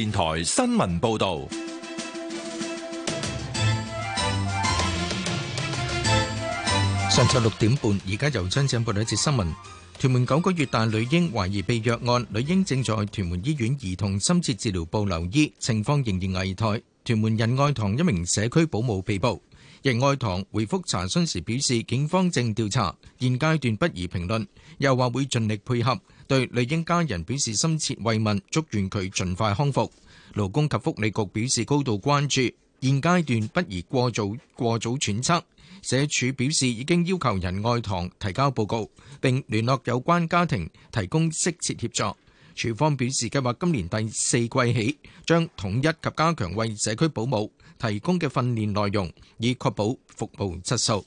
電台新聞報道：上晝六點半，而家由張主任報道一節新聞。屯門九個月大女嬰懷疑被虐案，女嬰正在屯門醫院兒童深切治療部留醫，情況仍然危殆。屯門仁愛堂一名社區保姆被捕。仁愛堂回覆查詢時表示，警方正調查，現階段不宜評論，又話會盡力配合，對女嬰家人表示深切慰問，祝願佢盡快康復。勞工及福利局表示高度關注，現階段不宜過早過早揣測。社署表示已經要求仁愛堂提交報告，並聯絡有關家庭提供適切協助。署方表示計劃今年第四季起將統一及加強為社區保姆。提供嘅訓練內容，以確保服務質素。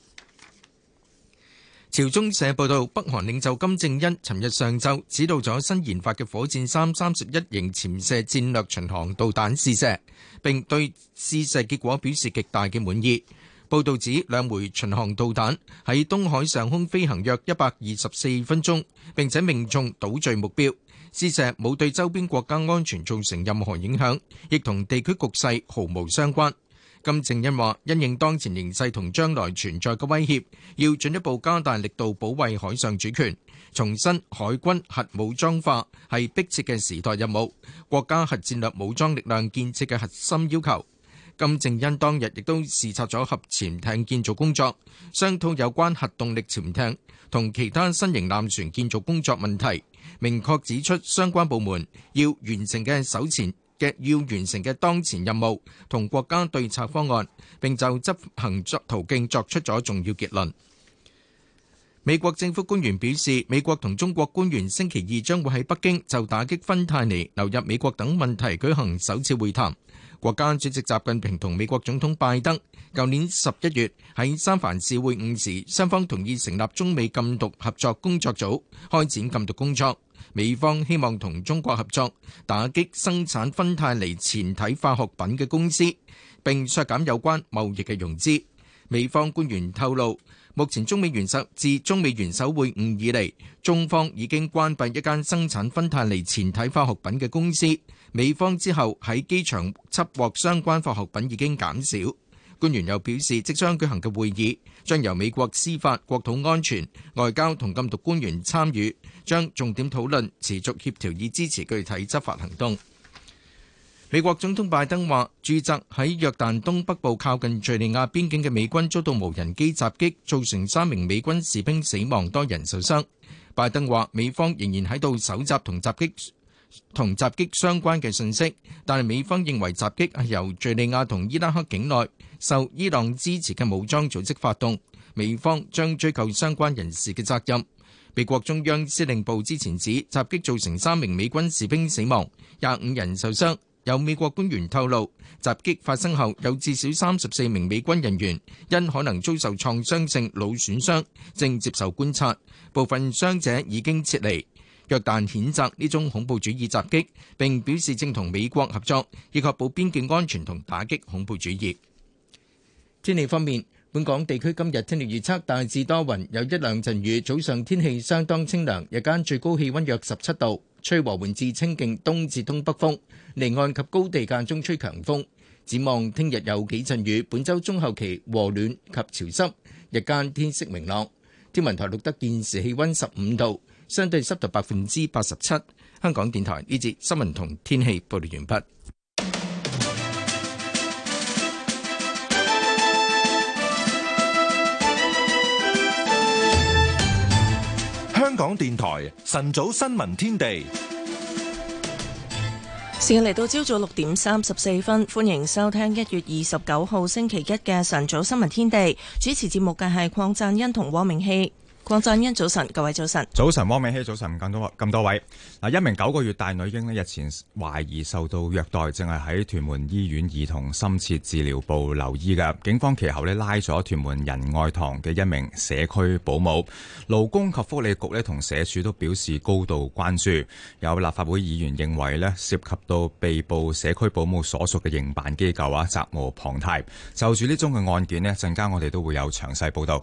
朝中社報道，北韓領袖金正恩尋日上晝指導咗新研發嘅火箭三三十一型潛射戰略巡航導彈試射，並對試射結果表示極大嘅滿意。報道指兩枚巡航導彈喺東海上空飛行約一百二十四分鐘，並且命中島嶼目標。試射冇對周邊國家安全造成任何影響，亦同地區局勢毫無相關。金正恩話：因應當前形勢同將來存在嘅威脅，要進一步加大力度保衛海上主權，重申海軍核武裝化係迫切嘅時代任務，國家核戰略武裝力量建設嘅核心要求。金正恩當日亦都視察咗核潛艇建造工作，商討有關核動力潛艇同其他新型艦船建造工作問題。明確指出相關部門要完成嘅首前嘅要完成嘅當前任務同國家對策方案，並就執行作途徑作出咗重要結論。美國政府官員表示，美國同中國官員星期二將會喺北京就打擊芬太尼流入美國等問題舉行首次會談。國家主席習近平同美國總統拜登舊年十一月喺三藩市會晤時，雙方同意成立中美禁毒合作工作組，開展禁毒工作。美方希望同中國合作打擊生產芬太尼前體化學品嘅公司，並削減有關貿易嘅融資。美方官員透露，目前中美元首自中美元首會晤以嚟，中方已經關閉一間生產芬太尼前體化學品嘅公司。美方之後喺機場檢獲相關化學品已經減少。官員又表示，即將舉行嘅會議將由美國司法、國土安全、外交同禁毒官員參與，將重點討論持續協調以支持具體執法行動。美國總統拜登話，駐紮喺約旦東北部靠近敍利亞邊境嘅美軍遭到無人機襲擊，造成三名美軍士兵死亡，多人受傷。拜登話，美方仍然喺度搜集同襲擊同襲擊相關嘅信息，但係美方認為襲擊係由敍利亞同伊拉克境內。受伊朗支持嘅武裝組織發動，美方將追究相關人士嘅責任。美國中央司令部之前指，襲擊造成三名美軍士兵死亡，廿五人受傷。有美國官員透露，襲擊發生後，有至少三十四名美軍人員因可能遭受創傷性腦損傷，正接受觀察。部分傷者已經撤離。約旦譴責呢種恐怖主義襲擊，並表示正同美國合作，以確保邊境安全同打擊恐怖主義。天氣方面，本港地區今日天氣預測大致多雲，有一兩陣雨。早上天氣相當清涼，日間最高氣温約十七度，吹和緩至清勁東至東北風。離岸及高地間中吹強風。展望聽日有幾陣雨。本周中後期和暖及潮濕，日間天色明朗。天文台錄得現時氣温十五度，相對濕度百分之八十七。香港電台呢節新聞同天氣報道完畢。香港電台晨早新聞天地，時間嚟到朝早六點三十四分，歡迎收聽一月二十九號星期一嘅晨早新聞天地。主持節目嘅係鄺贊欣同汪明希。鄺贊欣，早晨，各位早晨。早晨，汪明希，早晨，更多咁多位。啊！一名九個月大女嬰咧，日前懷疑受到虐待，正係喺屯門醫院兒童深切治療部留醫嘅。警方其後咧拉咗屯門仁愛堂嘅一名社區保姆。勞工及福利局咧同社署都表示高度關注。有立法會議員認為咧，涉及到被捕社區保姆所屬嘅營辦機構啊，責無旁貸。就住呢宗嘅案件咧，陣間我哋都會有詳細報道。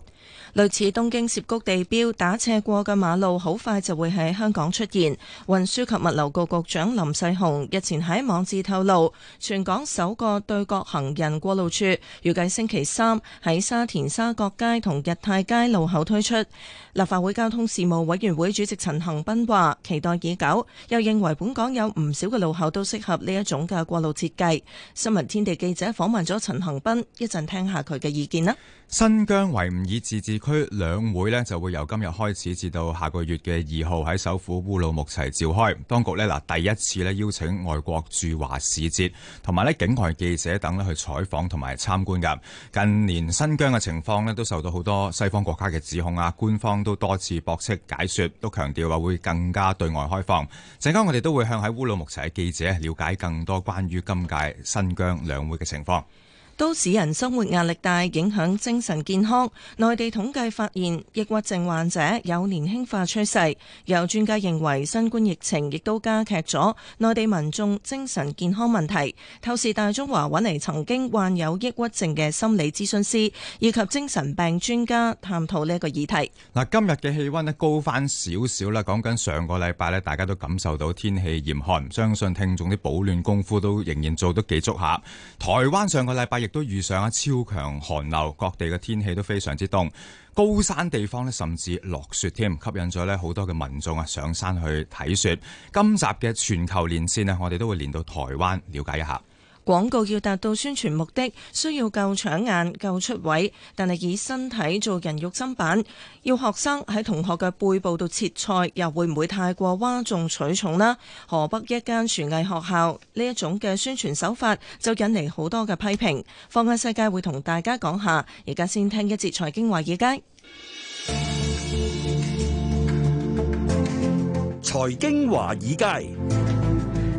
類似東京涉谷地標打斜過嘅馬路，好快就會喺香港出現。運輸及物流局局長林世雄日前喺網誌透露，全港首個對角行人過路處，預計星期三喺沙田沙角街同日泰街路口推出。立法會交通事務委員會主席陳恒斌話，期待已久，又認為本港有唔少嘅路口都適合呢一種嘅過路設計。新聞天地記者訪問咗陳恒斌，一陣聽下佢嘅意見啦。新疆維吾爾自治區兩會咧就會由今日開始至到下個月嘅二號喺首府烏魯木齊召開。當局咧嗱，第一次咧邀請外國駐華使節同埋咧境外記者等咧去採訪同埋參觀噶。近年新疆嘅情況咧都受到好多西方國家嘅指控啊，官方都多次駁斥解說，都強調話會更加對外開放。陣間我哋都會向喺烏魯木齊嘅記者了解更多關於今屆新疆兩會嘅情況。都市人生活壓力大，影響精神健康。內地統計發現，抑鬱症患者有年輕化趨勢。有專家認為，新冠疫情亦都加劇咗內地民眾精神健康問題。透視大中華揾嚟曾經患有抑鬱症嘅心理諮詢師以及精神病專家，探討呢個議題。嗱，今日嘅氣温咧高翻少少啦。講緊上個禮拜咧，大家都感受到天氣嚴寒，相信聽眾啲保暖功夫都仍然做得幾足下。台灣上個禮拜亦都遇上啊超強寒流，各地嘅天氣都非常之凍，高山地方咧甚至落雪添，吸引咗咧好多嘅民眾啊上山去睇雪。今集嘅全球連線咧，我哋都會連到台灣了解一下。廣告要達到宣傳目的，需要夠搶眼、夠出位，但係以身體做人肉砧板，要學生喺同學嘅背部度切菜，又會唔會太過嘩眾取寵呢？河北一間廚藝學校呢一種嘅宣傳手法，就引嚟好多嘅批評。放眼世界，會同大家講下。而家先聽一節財經華爾街。財經華爾街。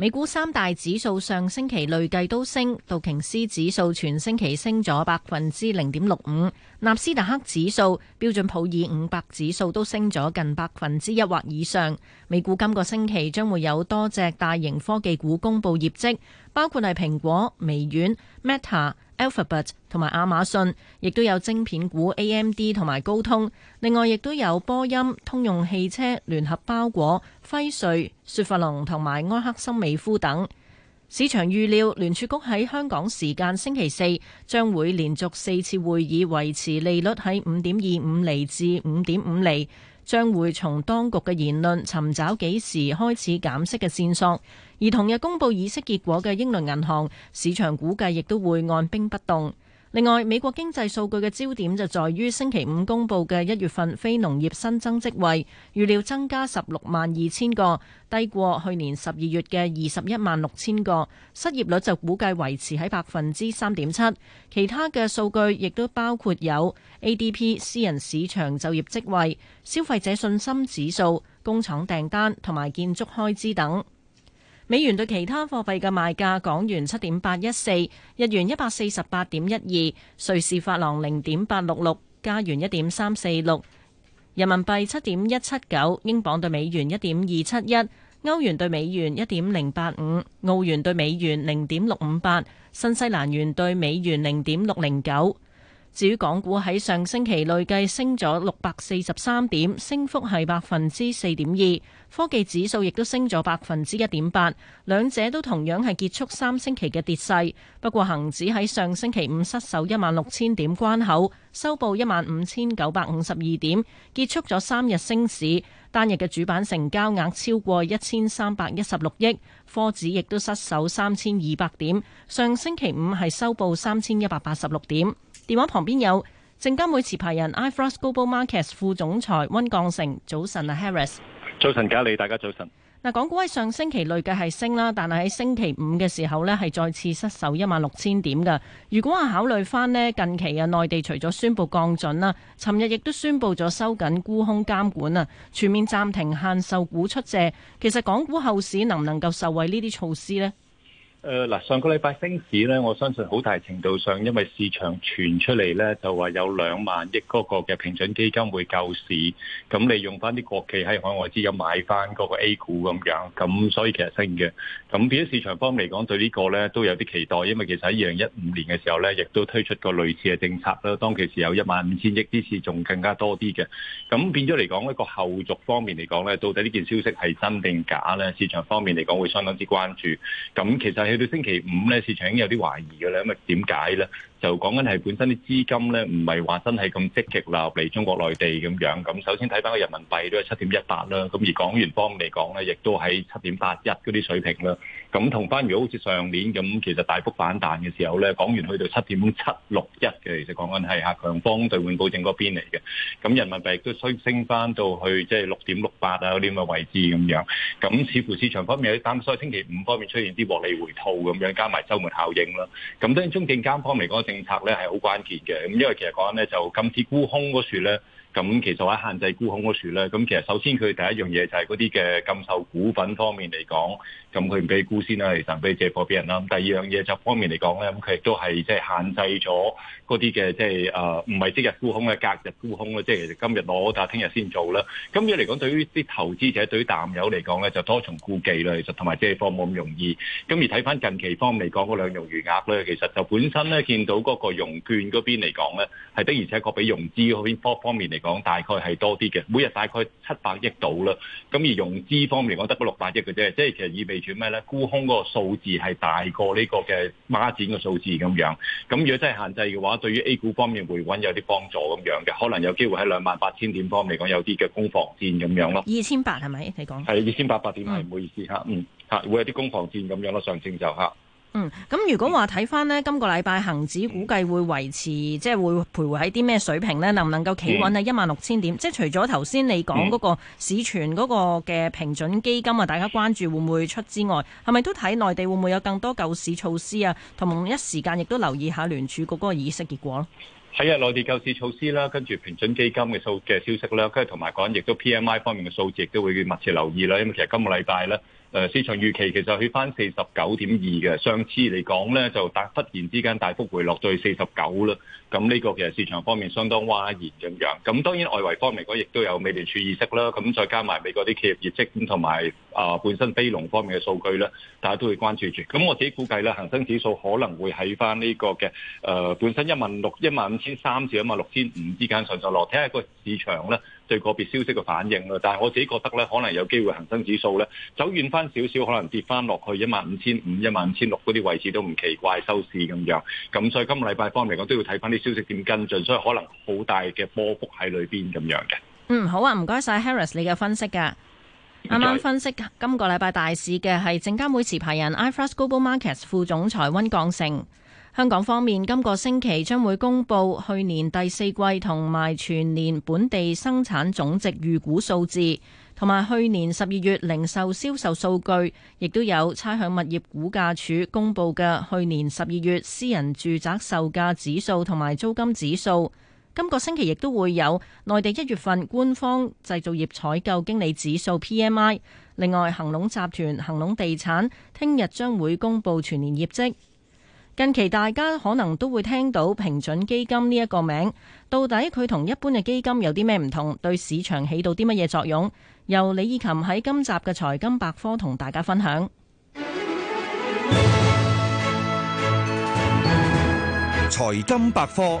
美股三大指數上星期累計都升，道瓊斯指數全星期升咗百分之零點六五，納斯達克指數、標準普爾五百指數都升咗近百分之一或以上。美股今個星期將會有多隻大型科技股公佈業績，包括係蘋果、微軟、Meta、Alphabet 同埋亞馬遜，亦都有晶片股 AMD 同埋高通。另外，亦都有波音、通用汽車、聯合包裹。輝瑞、雪佛龍同埋埃克森美孚等，市場預料聯儲局喺香港時間星期四將會連續四次會議維持利率喺五點二五厘至五點五厘，將會從當局嘅言論尋找幾時開始減息嘅線索。而同日公布議息結果嘅英倫銀行，市場估計亦都會按兵不動。另外，美國經濟數據嘅焦點就在於星期五公布嘅一月份非農業新增職位，預料增加十六萬二千個，低過去年十二月嘅二十一萬六千個。失業率就估計維持喺百分之三點七。其他嘅數據亦都包括有 ADP 私人市場就業職位、消費者信心指數、工廠訂單同埋建築開支等。美元對其他貨幣嘅賣價：港元七點八一四，日元一百四十八點一二，瑞士法郎零點八六六，加元一點三四六，人民幣七點一七九，英鎊對美元一點二七一，歐元對美元一點零八五，澳元對美元零點六五八，新西蘭元對美元零點六零九。至於港股喺上星期累計升咗六百四十三點，升幅係百分之四點二。科技指數亦都升咗百分之一點八，兩者都同樣係結束三星期嘅跌勢。不過，恒指喺上星期五失守一萬六千點關口，收報一萬五千九百五十二點，結束咗三日升市。單日嘅主板成交額超過一千三百一十六億。科指亦都失守三千二百點，上星期五係收報三千一百八十六點。電話旁邊有證監會持牌人 i Frost Global Markets 副總裁温鋼成，早晨啊，Harris。早晨，嘉里，大家早晨。嗱，港股喺上星期累計係升啦，但係喺星期五嘅時候呢係再次失守一萬六千點㗎。如果話考慮返呢，近期啊，內地除咗宣布降準啦，尋日亦都宣布咗收緊沽空監管啊，全面暫停限售股出借。其實港股後市能唔能夠受惠呢啲措施呢？誒，嗱、呃，上個禮拜升市咧，我相信好大程度上，因為市場傳出嚟咧，就話有兩萬億嗰個嘅平準基金會救市，咁你用翻啲國企喺海外資金買翻嗰個 A 股咁樣，咁所以其實升嘅。咁變咗市場方面嚟講，對個呢個咧都有啲期待，因為其實喺二零一五年嘅時候咧，亦都推出過類似嘅政策啦，當其時有一萬五千億，今次，仲更加多啲嘅。咁變咗嚟講，呢、呢個後續方面嚟講咧，到底呢件消息係真定假咧？市場方面嚟講會相當之關注。咁其實。去到星期五咧，市場已經有啲懷疑㗎咧，咁為點解咧？就講緊係本身啲資金咧，唔係話真係咁積極流嚟中國內地咁樣。咁首先睇翻個人民幣都係七點一八啦，咁而港元方面嚟講咧，亦都喺七點八一嗰啲水平啦。咁同翻如果好似上年咁，其實大幅反彈嘅時候咧，港元去到七點七六一嘅，7, 6, 1, 其實講緊係啊強方兌換保證嗰邊嚟嘅。咁人民幣都需升翻到去即係六點六八啊嗰啲咁嘅位置咁樣。咁似乎市場方面有啲擔心，星期五方面出現啲獲利回吐咁樣，加埋週末效應啦。咁當然中證監方嚟講，政策咧係好關鍵嘅。咁因為其實講緊咧就禁止沽空嗰時咧。咁其實喺限制沽空嗰處咧，咁其實首先佢第一樣嘢就係嗰啲嘅禁售股份方面嚟講，咁佢唔俾沽先啦，其實唔俾借貨俾人啦。咁第二樣嘢就方面嚟講咧，咁佢亦都係即係限制咗嗰啲嘅即係誒，唔、呃、係即日沽空咧，隔日沽空咧，即係其實今日攞但係聽日先做啦。咁即係嚟講，對於啲投資者、對於淡友嚟講咧，就多重顧忌啦。其實同埋借貨冇咁容易。咁而睇翻近期方面嚟講嗰兩融餘額咧，其實就本身咧見到嗰個融券嗰邊嚟講咧，係的而且確比融資嗰邊方面嚟。講大概係多啲嘅，每日大概七百億到啦。咁而融資方面嚟講，得個六百億嘅啫，即係其實意味住咩咧？沽空嗰個數字係大過呢個嘅孖展嘅數字咁樣。咁如果真係限制嘅話，對於 A 股方面回穩有啲幫助咁樣嘅，可能有機會喺兩萬八千點方面嚟講有啲嘅攻防戰咁樣咯。二千八係咪？你講係二千八百點係唔、嗯、好意思吓，嗯吓，嗯會有啲攻防戰咁樣咯，上證就吓。嗯，咁如果話睇翻呢，今個禮拜恒指估計會維持，嗯、即係會徘徊喺啲咩水平呢？能唔能夠企穩喺一萬六千點？嗯、即係除咗頭先你講嗰個市存嗰個嘅平準基金啊，嗯、大家關注會唔會出之外，係咪都睇內地會唔會有更多救市措施啊？同埋一時間亦都留意下聯儲局嗰個議息結果咯。係啊，內地救市措施啦，跟住平準基金嘅數嘅消息啦，跟住同埋講，亦都 P M I 方面嘅數字都會密切留意啦。因為其實今個禮拜呢。誒市場預期其實去翻四十九點二嘅，上次嚟講咧就突忽然之間大幅回落到四十九啦。咁呢個其實市場方面相當嘩然咁樣，咁當然外圍方面講亦都有美聯儲議息啦，咁再加埋美國啲企業業績，咁同埋啊本身非農方面嘅數據咧，大家都會關注住。咁我自己估計咧，恒生指數可能會喺翻呢個嘅誒、呃、本身一萬六、一萬五千三至一萬六千五之間上上落，睇下個市場咧對個別消息嘅反應啦。但係我自己覺得咧，可能有機會恒生指數咧走遠翻少少，可能跌翻落去一萬五千五、一萬五千六嗰啲位置都唔奇怪收市咁樣。咁所以今個禮拜方嚟講都要睇翻啲消息點跟進，所以可能好大嘅波幅喺裏邊咁樣嘅。嗯，好啊，唔該晒 Harris 你嘅分析㗎、啊。啱啱分析今個禮拜大市嘅係證監會持牌人 iFAST Global Markets 副總裁溫鋼城。香港方面，今個星期將會公布去年第四季同埋全年本地生產總值預估數字。同埋去年十二月零售銷售數據，亦都有差餉物業估價署公布嘅去年十二月私人住宅售價指數同埋租金指數。今個星期亦都會有內地一月份官方製造業採購經理指數 PMI。另外，恒隆集團恒隆地產聽日將會公布全年業績。近期大家可能都會聽到平準基金呢一個名，到底佢同一般嘅基金有啲咩唔同？對市場起到啲乜嘢作用？由李以琴喺今集嘅《財金百科》同大家分享。財金百科。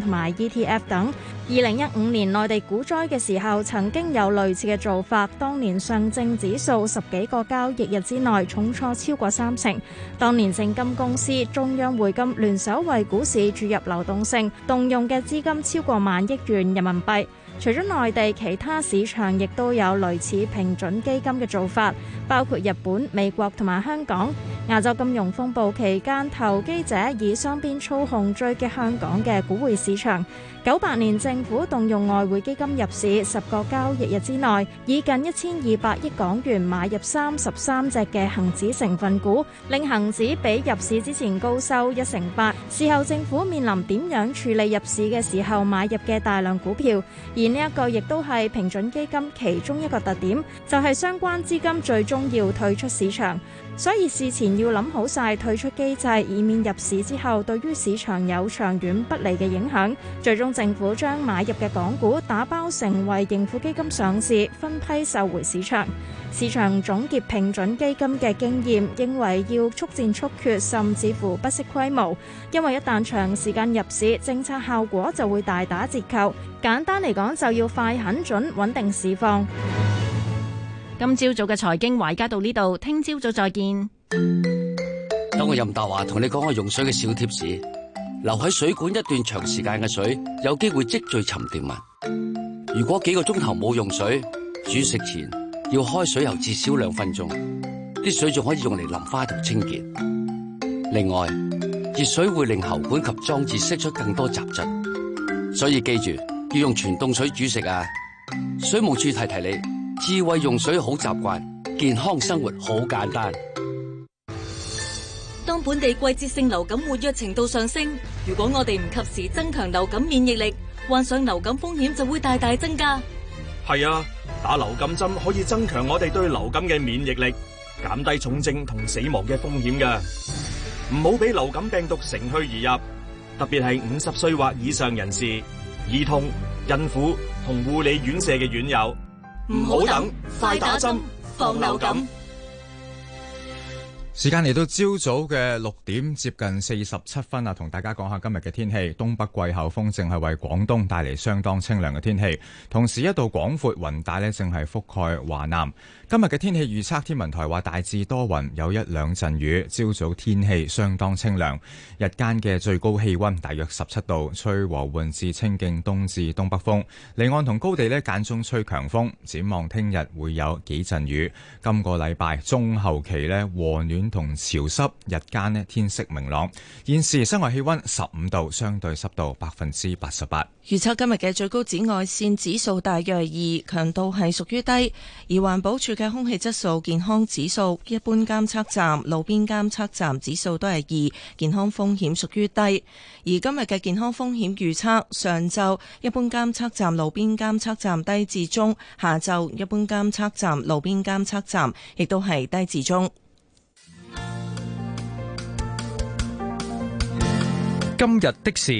同埋 ETF 等，二零一五年內地股災嘅時候，曾經有類似嘅做法。當年上證指數十幾個交易日之內，重挫超過三成。當年證金公司、中央匯金聯手為股市注入流動性，動用嘅資金超過萬億元人民幣。除咗內地，其他市場亦都有類似平準基金嘅做法，包括日本、美國同埋香港。亞洲金融風暴期間，投機者以雙邊操控，追擊香港嘅股匯市場。九八年政府動用外匯基金入市，十個交易日之內以近一千二百億港元買入三十三隻嘅恒指成分股，令恒指比入市之前高收一成八。事後政府面臨點樣處理入市嘅時候買入嘅大量股票，而呢一個亦都係平準基金其中一個特點，就係、是、相關資金最終要退出市場。所以事前要諗好晒退出機制，以免入市之後對於市場有長遠不利嘅影響。最終政府將買入嘅港股打包成為盈富基金上市，分批售回市場。市場總結平準基金嘅經驗，認為要速戰速決，甚至乎不惜規模，因為一旦長時間入市，政策效果就會大打折扣。簡單嚟講，就要快、狠準、穩定市況。今朝早嘅財經，維家到呢度，聽朝早，早再見。等我任達華同你講我用水嘅小貼士。留喺水管一段長時間嘅水，有機會積聚沉澱物。如果幾個鐘頭冇用水，煮食前要開水喉至少兩分鐘。啲水仲可以用嚟淋花同清潔。另外，熱水會令喉管及裝置釋出更多雜質，所以記住要用全凍水煮食啊！水務處提提你。智慧用水好習慣，健康生活好簡單。當本地季節性流感活躍程度上升，如果我哋唔及時增強流感免疫力，患上流感風險就會大大增加。係啊，打流感針可以增強我哋對流感嘅免疫力，減低重症同死亡嘅風險㗎。唔好俾流感病毒乘虛而入，特別係五十歲或以上人士、兒童、孕婦同護理院舍嘅院友。唔好等，快打針，防流感。時間嚟到朝早嘅六點接近四十七分啊，同大家講下今日嘅天氣。東北季候風正係為廣東帶嚟相當清涼嘅天氣，同時一道廣闊雲帶咧正係覆蓋華南。今日嘅天氣預測，天文台話大致多雲，有一兩陣雨。朝早天氣相當清涼，日間嘅最高氣溫大約十七度，吹和緩至清勁東至東北風。離岸同高地咧間中吹強風，展望聽日會有幾陣雨。今個禮拜中後期咧和暖同潮濕，日間呢，天色明朗。現時室外氣溫十五度，相對濕度百分之八十八。預測今日嘅最高紫外線指數大約二，強度係屬於低。而環保署嘅空氣質素健康指數，一般監測站、路邊監測站指數都係二，健康風險屬於低。而今日嘅健康風險預測，上晝一般監測站、路邊監測站低至中，下晝一般監測站、路邊監測站亦都係低至中。今日的事，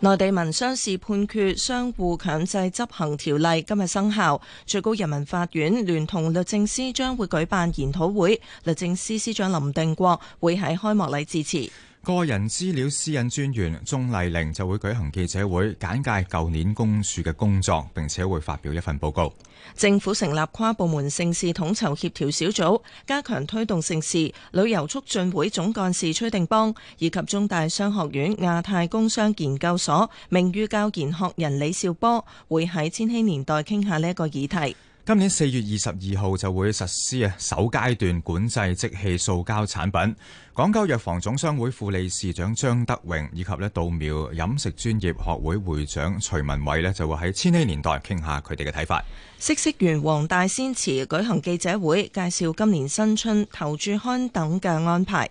內地民商事判決相互強制執行條例今日生效。最高人民法院聯同律政司將會舉辦研討會，律政司司長林定國會喺開幕禮致辭。個人資料私隱專員鍾麗玲就會舉行記者會，簡介舊年公署嘅工作，並且會發表一份報告。政府成立跨部門盛事統籌協調小組，加強推動盛事。旅遊促進會總幹事崔定邦以及中大商學院亞太工商研究所名譽教研學人李兆波，會喺千禧年代傾下呢一個議題。今年四月二十二號就會實施啊，首階段管制即棄塑膠產品。港九藥房總商會副理事長張德榮，以及咧，稻苗飲食專業學會會長徐文偉咧，就會喺千禧年代傾下佢哋嘅睇法。嗇色園黃大仙祠舉行記者會，介紹今年新春頭炷香等嘅安排。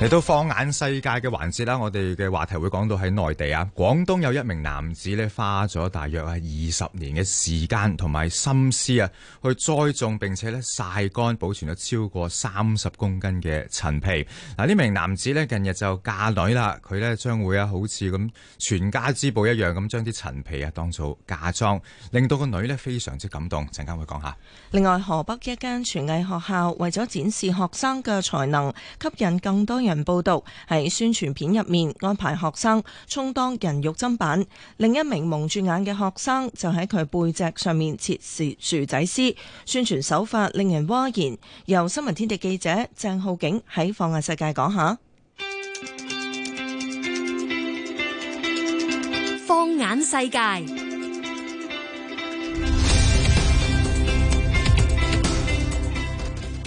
嚟到放眼世界嘅環節啦，我哋嘅話題會講到喺內地啊。廣東有一名男子咧，花咗大約係二十年嘅時間同埋心思啊，去栽種並且咧曬乾保存咗超過三十公斤嘅陳皮。嗱，呢名男子咧近日就嫁女啦，佢咧將會啊好似咁全家之寶一樣咁將啲陳皮啊當做嫁妝，令到個女咧非常之感動。陣間會講下。另外，河北一間廚藝學校為咗展示學生嘅才能，吸引更多。人報道，喺宣傳片入面安排學生充當人肉砧板，另一名蒙住眼嘅學生就喺佢背脊上面切薯仔絲，宣傳手法令人嘩然。由新聞天地記者鄭浩景喺放眼世界講下。放眼世界。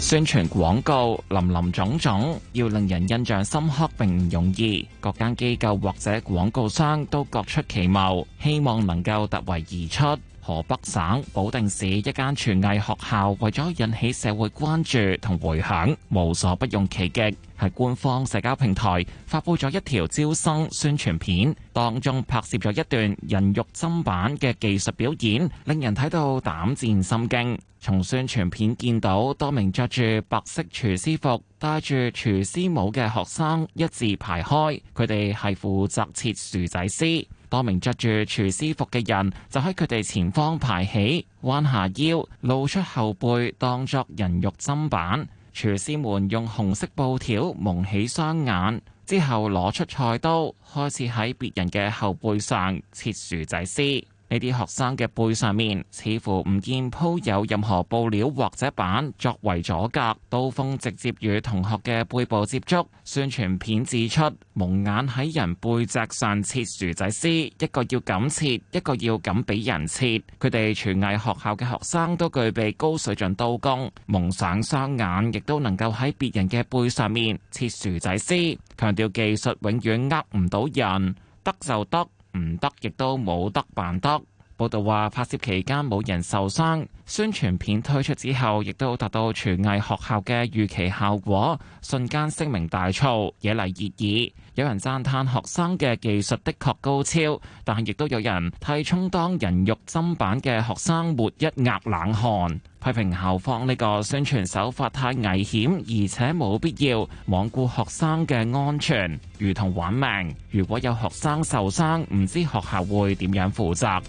宣傳廣告林林總總，要令人印象深刻並唔容易。各間機構或者廣告商都各出其謀，希望能夠突圍而出。河北省保定市一間廚藝學校為咗引起社會關注同回響，無所不用其極，喺官方社交平台發布咗一條招生宣傳片，當中拍攝咗一段人肉砧板嘅技術表演，令人睇到膽戰心驚。從宣傳片見到多名着住白色廚師服、戴住廚師帽嘅學生一字排開，佢哋係負責切薯仔絲。多名着住廚師服嘅人就喺佢哋前方排起，彎下腰，露出後背當作人肉砧板。廚師們用紅色布條蒙起雙眼，之後攞出菜刀，開始喺別人嘅後背上切薯仔絲。呢啲學生嘅背上面似乎唔見鋪有任何布料或者板作為阻隔，刀鋒直接與同學嘅背部接觸。宣傳片指出，蒙眼喺人背脊上切薯仔絲，一個要噉切，一個要噉俾人切。佢哋廚藝學校嘅學生都具備高水準刀工，蒙上雙眼亦都能夠喺別人嘅背上面切薯仔絲，強調技術永遠呃唔到人，得就得。唔得，亦都冇得辦得。報道話，拍攝期間冇人受傷，宣傳片推出之後，亦都達到廚藝學校嘅預期效果，瞬間聲名大噪，惹嚟熱議。有人讚嘆學生嘅技術的確高超，但亦都有人替充當人肉砧板嘅學生抹一額冷汗，批評校方呢個宣傳手法太危險，而且冇必要罔顧學生嘅安全，如同玩命。如果有學生受傷，唔知學校會點樣負責。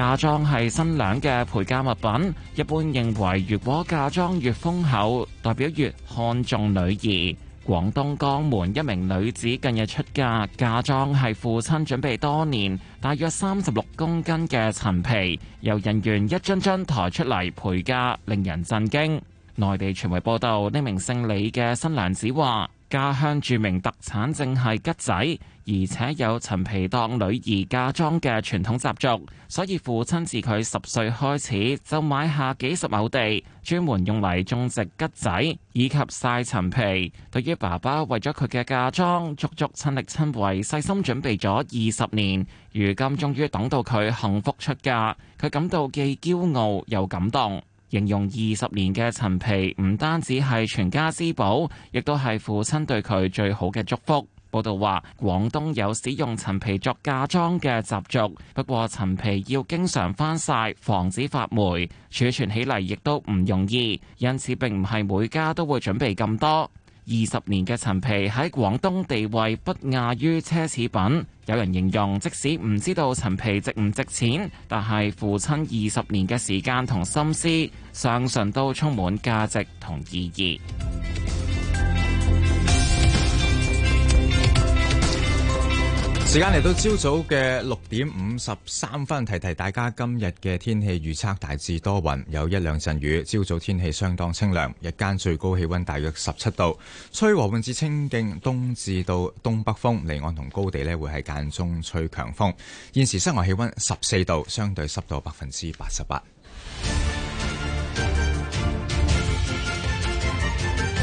嫁妝係新娘嘅陪嫁物品，一般認為如果嫁妝越豐厚，代表越看重女兒。廣東江門一名女子近日出嫁，嫁妝係父親準備多年，大約三十六公斤嘅陳皮，由人員一張張抬出嚟陪嫁，令人震驚。內地傳媒報道，呢名姓李嘅新娘子話：家鄉著名特產正係桔仔。而且有陳皮當女兒嫁妝嘅傳統習俗，所以父親自佢十歲開始就買下幾十畝地，專門用嚟種植桔仔以及晒陳皮。對於爸爸為咗佢嘅嫁妝，足足親力親為、細心準備咗二十年，如今終於等到佢幸福出嫁，佢感到既驕傲又感動，形容二十年嘅陳皮唔單止係全家之寶，亦都係父親對佢最好嘅祝福。報道話，廣東有使用陳皮作嫁妝嘅習俗，不過陳皮要經常翻晒，防止發霉，儲存起嚟亦都唔容易，因此並唔係每家都會準備咁多。二十年嘅陳皮喺廣東地位不亞於奢侈品，有人形容，即使唔知道陳皮值唔值錢，但係父親二十年嘅時間同心思，相信都充滿價值同意義。時間嚟到朝早嘅六點五十三分，提提大家今日嘅天氣預測大致多雲，有一兩陣雨。朝早天氣相當清涼，日間最高氣溫大約十七度，吹和緩至清勁東至到東北風，離岸同高地咧會係間中吹強風。現時室外氣溫十四度，相對濕度百分之八十八。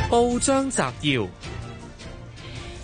報章摘要。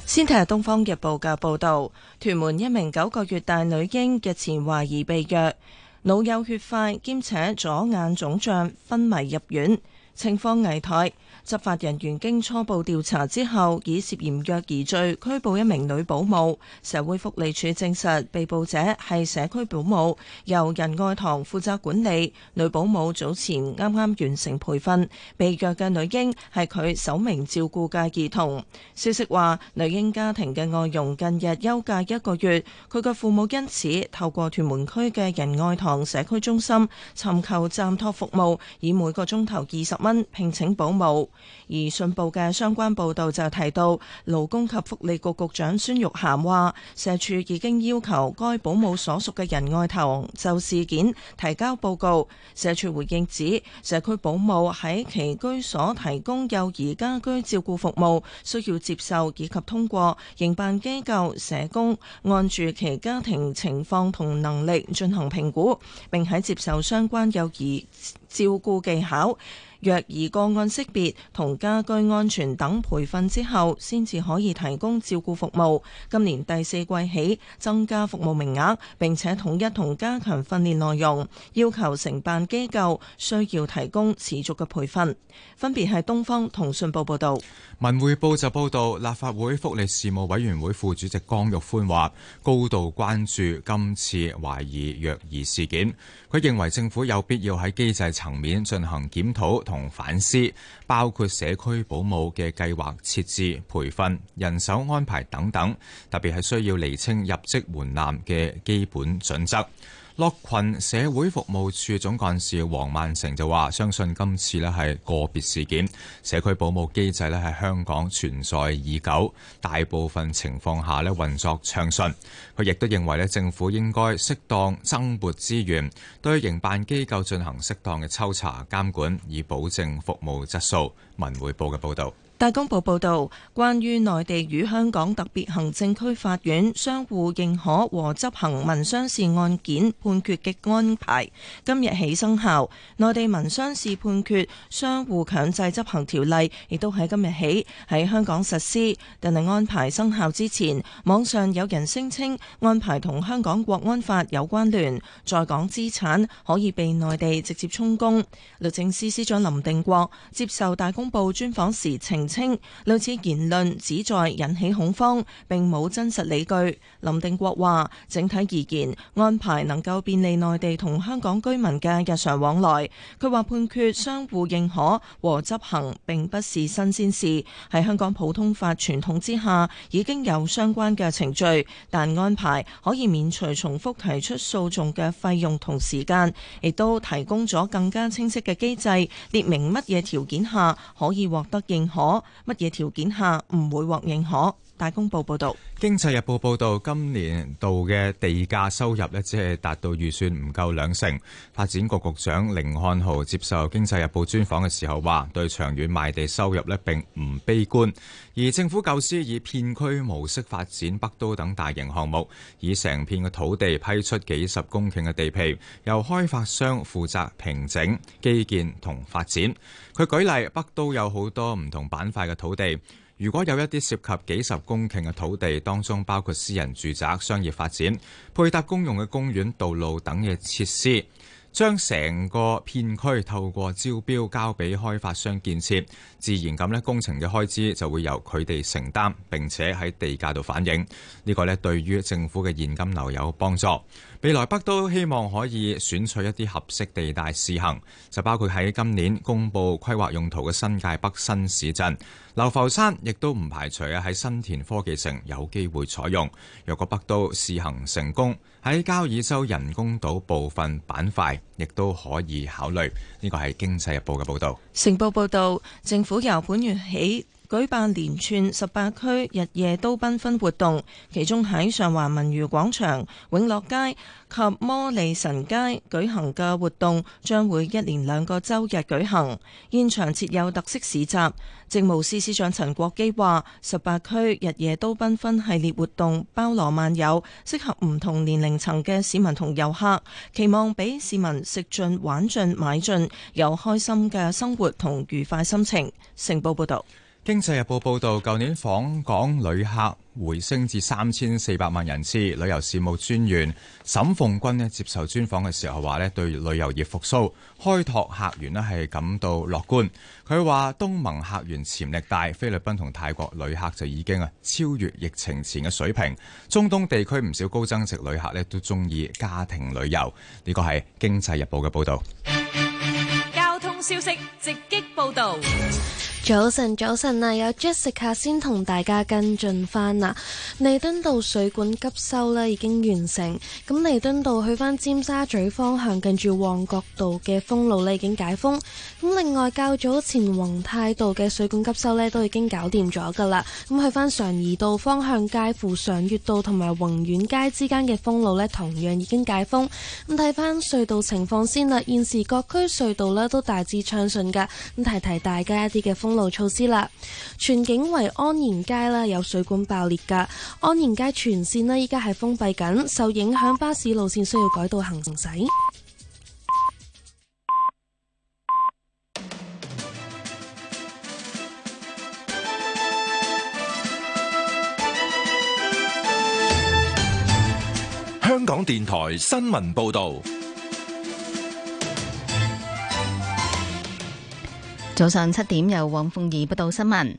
先睇下《東方日報》嘅報道，屯門一名九個月大女嬰日前懷疑被虐，腦有血塊兼且左眼腫脹昏迷入院，情況危殆。執法人員經初步調查之後，以涉嫌虐兒罪拘捕一名女保姆。社會福利署證實，被捕者係社區保姆，由仁愛堂負責管理。女保姆早前啱啱完成培訓，被虐嘅女嬰係佢首名照顧嘅兒童。消息話，女嬰家庭嘅外傭近日休假一個月，佢嘅父母因此透過屯門區嘅仁愛堂社區中心尋求暫託服務，以每個鐘頭二十蚊聘請保姆。而信報嘅相關報導就提到，勞工及福利局局長孫玉菡話，社署已經要求該保姆所屬嘅人外頭就事件提交報告。社署回應指，社區保姆喺其居所提供幼兒家居照顧服務，需要接受以及通過營辦機構社工按住其家庭情況同能力進行評估，並喺接受相關幼兒照顧技巧，弱兒個案識別同家居安全等培訓之後，先至可以提供照顧服務。今年第四季起增加服務名額，並且統一同加強訓練內容，要求承辦機構需要提供持續嘅培訓。分別係《東方》同《信報》報道。文匯報就報道，立法會福利事務委員會副主席江玉歡話：高度關注今次懷疑虐兒事件。佢認為政府有必要喺機制層面進行檢討。同反思，包括社區保姆嘅計劃設置、培訓、人手安排等等，特別係需要釐清入職門檻嘅基本準則。樂群社會服務處總幹事黃萬成就話：相信今次咧係個別事件，社區保姆機制咧喺香港存在已久，大部分情況下咧運作暢順。佢亦都認為咧政府應該適當增撥資源，對營辦機構進行適當嘅抽查監管，以保證服務質素。文匯報嘅報道。大公報報導，關於內地與香港特別行政區法院相互認可和執行民商事案件判決嘅安排，今日起生效。內地民商事判決相互強制執行條例亦都喺今日起喺香港實施。但係安排生效之前，網上有人聲稱安排同香港國安法有關聯，在港資產可以被內地直接充公。律政司司長林定國接受大公報專訪時澄稱類似言論旨在引起恐慌，並冇真實理據。林定國話：整體而言，安排能夠便利內地同香港居民嘅日常往來。佢話判決相互認可和執行，並不是新鮮事，喺香港普通法傳統之下已經有相關嘅程序。但安排可以免除重複提出訴訟嘅費用同時間，亦都提供咗更加清晰嘅機制，列明乜嘢條件下可以獲得認可。乜嘢條件下唔會獲認可？大公報報道，《經濟日報》報道，今年度嘅地價收入呢，只係達到預算唔夠兩成。發展局局長凌漢豪接受《經濟日報》專訪嘅時候話，對長遠賣地收入呢，並唔悲觀。而政府構思以片區模式發展北都等大型項目，以成片嘅土地批出幾十公頃嘅地皮，由開發商負責平整基建同發展。佢舉例，北都有好多唔同板塊嘅土地。如果有一啲涉及幾十公頃嘅土地，當中包括私人住宅、商業發展、配搭公用嘅公園道路等嘅設施，將成個片區透過招標交俾開發商建設，自然咁咧工程嘅開支就會由佢哋承擔，並且喺地價度反映。呢個咧對於政府嘅現金流有幫助。未來北都希望可以選取一啲合適地帶試行，就包括喺今年公布規劃用途嘅新界北新市鎮、流浮山，亦都唔排除喺新田科技城有機會採用。若果北都試行成功，喺交椅洲人工島部分板塊亦都可以考慮。呢個係《經濟日報》嘅報道。成報報道，政府由本月起舉辦連串十八區日夜都繽紛活動，其中喺上環文娛廣場、永樂街及摩利臣街舉行嘅活動，將會一連兩個周日舉行。現場設有特色市集。政務司司長陳國基話：十八區日夜都繽紛系列活動包羅萬有，適合唔同年齡層嘅市民同遊客，期望俾市民食盡、玩盡、買盡，有開心嘅生活同愉快心情。成報報道。經濟日報報道，舊年訪港旅客回升至三千四百萬人次。旅遊事務專員沈鳳君咧接受專訪嘅時候話咧，對旅遊業復甦開拓客源咧係感到樂觀。佢話東盟客源潛力大，菲律賓同泰國旅客就已經啊超越疫情前嘅水平。中東地區唔少高增值旅客咧都中意家庭旅遊。呢個係經濟日報嘅報道。交通消息直擊報道。早晨，早晨啊！有 Jessica 先同大家跟進翻啦。彌敦道水管急修咧已經完成，咁彌敦道去翻尖沙咀方向近住旺角道嘅封路咧已經解封。咁另外較早前宏泰道嘅水管急修咧都已經搞掂咗噶啦。咁去翻常怡道方向介乎常悅道同埋宏遠街之間嘅封路咧同樣已經解封。咁睇翻隧道情況先啦，現時各區隧道咧都大致暢順噶。咁提提大家一啲嘅風路措施啦，荃景圍安賢街啦，有水管爆裂噶，安賢街全線咧依家係封閉緊，受影響巴士路線需要改道行駛。香港電台新聞報道。早上七點，由黃鳳儀報道新聞。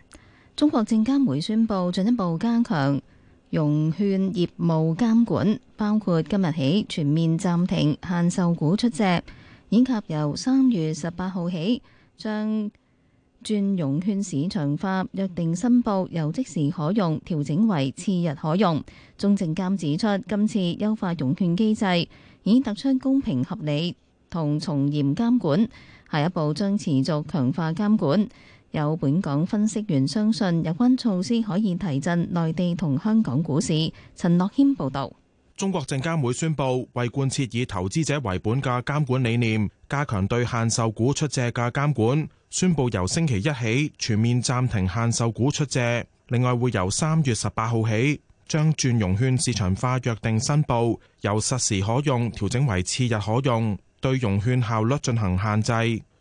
中國證監會宣布進一步加強融券業務監管，包括今日起全面暫停限售股出借，以及由三月十八號起將轉融券市場化約定申報由即時可用調整為次日可用。中證監指出，今次優化融券機制，已經突出公平合理同從嚴監管。下一步將持續強化監管。有本港分析員相信，有關措施可以提振內地同香港股市。陳樂謙報道。中國證監會宣布，為貫徹以投資者為本嘅監管理念，加強對限售股出借嘅監管，宣布由星期一起全面暫停限售股出借。另外，會由三月十八號起，將轉融券市場化約定申報由實時可用調整為次日可用。對融券效率進行限制。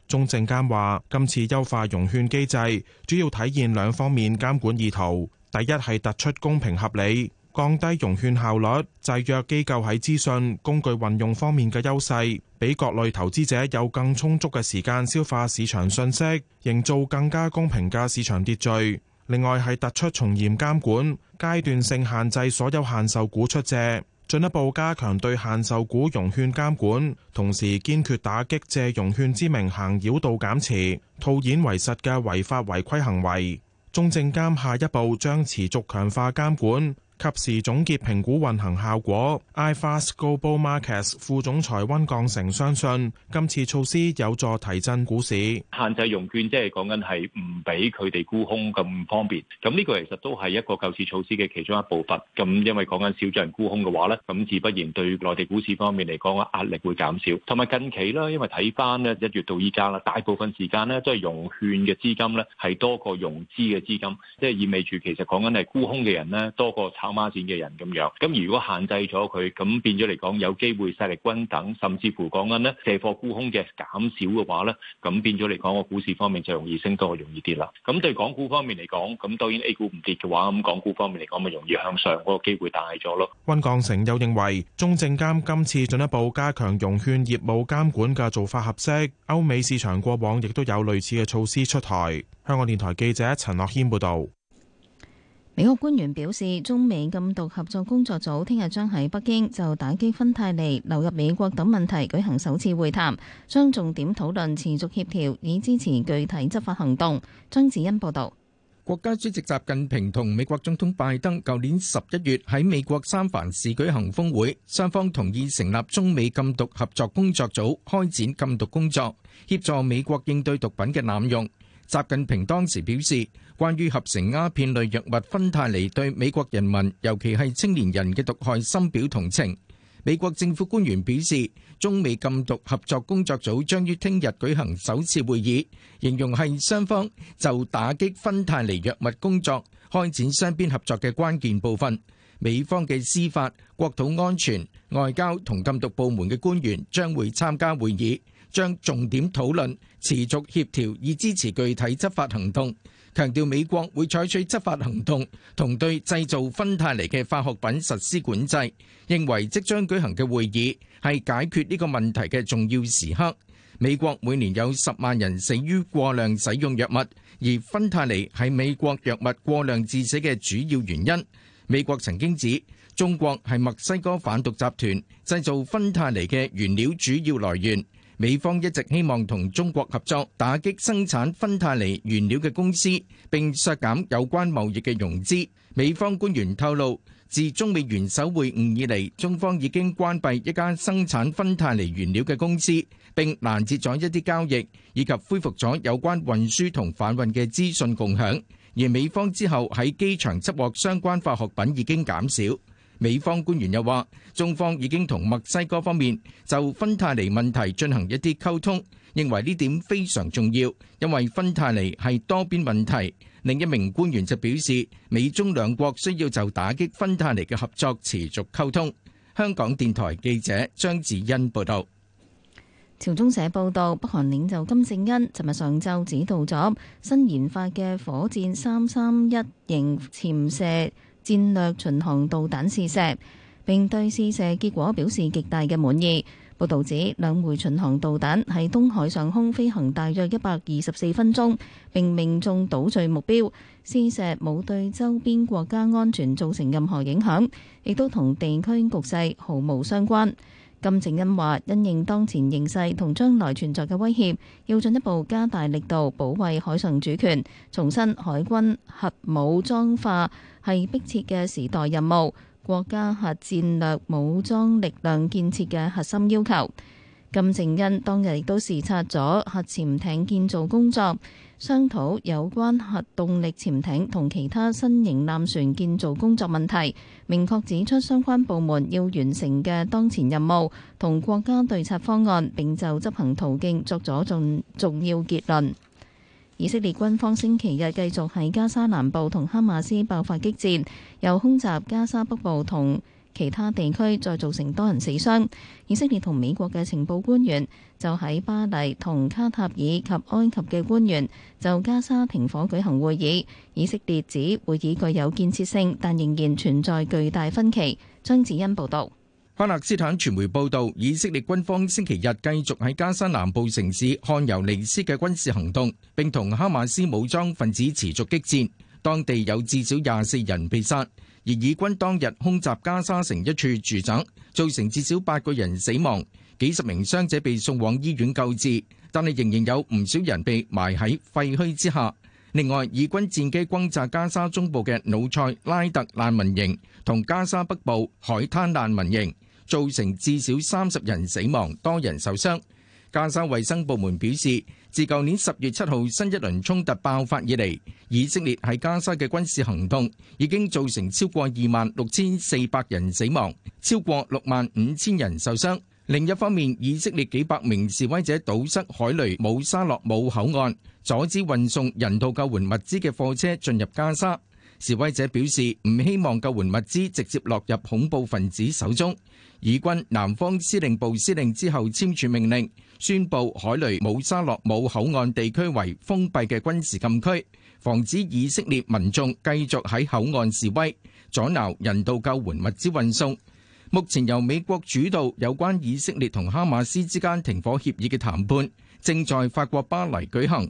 中證監話，今次優化融券機制，主要體現兩方面監管意圖。第一係突出公平合理，降低融券效率，制約機構喺資訊、工具運用方面嘅優勢，俾各類投資者有更充足嘅時間消化市場信息，營造更加公平嘅市場秩序。另外係突出從嚴監管，階段性限制所有限售股出借。進一步加強對限售股融券監管，同時堅決打擊借融券之名行繞道減持、套現為實嘅違法違規行為。中證監下一步將持續強化監管。及時總結評估運行效果。iFAST Global Markets 副總裁溫鋼成相信，今次措施有助提振股市。限制融券即係講緊係唔俾佢哋沽空咁方便，咁呢個其實都係一個救市措施嘅其中一部分。咁因為講緊少咗人沽空嘅話咧，咁自不然對內地股市方面嚟講，壓力會減少。同埋近期咧，因為睇翻，咧一月到依家啦，大部分時間咧都係融券嘅資金咧係多過融資嘅資金，即係意味住其實講緊係沽空嘅人咧多過炒。孖展嘅人咁樣，咁如果限制咗佢，咁變咗嚟講，有機會勢力均等，甚至乎講緊咧借貨沽空嘅減少嘅話咧，咁變咗嚟講，個股市方面就容易升多，容易跌啦。咁對港股方面嚟講，咁當然 A 股唔跌嘅話，咁港股方面嚟講，咪容易向上嗰個機會大咗咯。溫鋼城又認為，中證監今次進一步加強融券業務監管嘅做法合適。歐美市場過往亦都有類似嘅措施出台。香港電台記者陳樂謙報道。美國官員表示，中美禁毒合作工作組聽日將喺北京就打擊芬太尼流入美國等問題舉行首次會談，將重點討論持續協調以支持具體執法行動。張智欣報道，國家主席習近平同美國總統拜登舊年十一月喺美國三藩市舉行峰會，雙方同意成立中美禁毒合作工作組，開展禁毒工作，協助美國應對毒品嘅濫用。習近平當時表示：關於合成鴉片類藥物芬太尼對美國人民，尤其係青年人嘅毒害，深表同情。美國政府官員表示，中美禁毒合作工作組將於聽日舉行首次會議，形容係雙方就打擊芬太尼藥物工作開展雙邊合作嘅關鍵部分。美方嘅司法、國土安全、外交同禁毒部門嘅官員將會參加會議，將重點討論持續協調以支持具體執法行動。強調美國會採取執法行動，同對製造芬太尼嘅化學品實施管制，認為即將舉行嘅會議係解決呢個問題嘅重要時刻。美國每年有十萬人死於過量使用藥物，而芬太尼係美國藥物過量致死嘅主要原因。美國曾經指中國係墨西哥販毒集團製造芬太尼嘅原料主要來源。美方一直希望同中國合作，打擊生產芬太尼原料嘅公司，並削減有關貿易嘅融資。美方官員透露，自中美元首會晤以嚟，中方已經關閉一間生產芬太尼原料嘅公司，並攔截咗一啲交易，以及恢復咗有關運輸同販運嘅資訊共享。而美方之後喺機場執獲相關化學品已經減少。美方官員又話，中方已經同墨西哥方面就芬太尼問題進行一啲溝通，認為呢點非常重要，因為芬太尼係多邊問題。另一名官員就表示，美中兩國需要就打擊芬太尼嘅合作持續溝通。香港電台記者張子欣報道。朝中社報道，北韓領袖金正恩尋日上晝指導咗新研發嘅火箭三三一型潛射戰略巡航導彈試射，並對試射結果表示極大嘅滿意。報道指兩枚巡航導彈喺東海上空飛行，大約一百二十四分鐘，並命中島嶼目標。試射冇對周邊國家安全造成任何影響，亦都同地區局勢毫無相關。金正恩話：因應當前形勢同將來存在嘅威脅，要進一步加大力度保衛海上主權，重申海軍核武裝化。係迫切嘅時代任務，國家核戰略武裝力量建設嘅核心要求。金正恩當日亦都視察咗核潛艇建造工作，商討有關核動力潛艇同其他新型艦艦船建造工作問題，明確指出相關部門要完成嘅當前任務同國家對策方案，並就執行途徑作咗重重要結論。以色列軍方星期日繼續喺加沙南部同哈馬斯爆發激戰，又空襲加沙北部同其他地區，再造成多人死傷。以色列同美國嘅情報官員就喺巴黎同卡塔爾及埃及嘅官員就加沙停火舉行會議。以色列指會議具有建設性，但仍然存在巨大分歧。張智恩報道。巴勒斯坦傳媒報道，以色列軍方星期日繼續喺加沙南部城市汗尤尼斯嘅軍事行動，並同哈馬斯武裝分子持續激戰，當地有至少廿四人被殺。而以軍當日空襲加沙城一處住宅，造成至少八個人死亡，幾十名傷者被送往醫院救治，但係仍然有唔少人被埋喺廢墟之下。另外，以軍戰機轟炸加沙中部嘅努塞拉特難民營同加沙北部海灘難民營，造成至少三十人死亡，多人受傷。加沙衛生部門表示，自舊年十月七號新一輪衝突爆發以嚟，以色列喺加沙嘅軍事行動已經造成超過二萬六千四百人死亡，超過六萬五千人受傷。另一方面，以色列幾百名示威者堵塞海雷姆沙洛姆口岸。阻止運送人道救援物資嘅貨車進入加沙。示威者表示唔希望救援物資直接落入恐怖分子手中。以軍南方司令部司令之後簽署命令，宣布海雷姆沙洛姆口岸地區為封閉嘅軍事禁區，防止以色列民眾繼續喺口岸示威，阻撓人道救援物資運送。目前由美國主導，有關以色列同哈馬斯之間停火協議嘅談判正在法國巴黎舉行。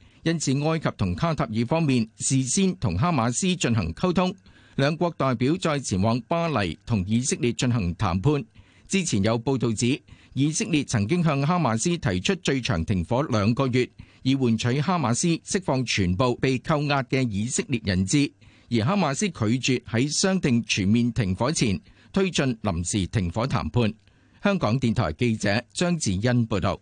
因此，埃及同卡塔爾方面事先同哈馬斯進行溝通，兩國代表再前往巴黎同以色列進行談判。之前有報道指，以色列曾經向哈馬斯提出最長停火兩個月，以換取哈馬斯釋放全部被扣押嘅以色列人質，而哈馬斯拒絕喺商定全面停火前推進臨時停火談判。香港電台記者張智欣報道。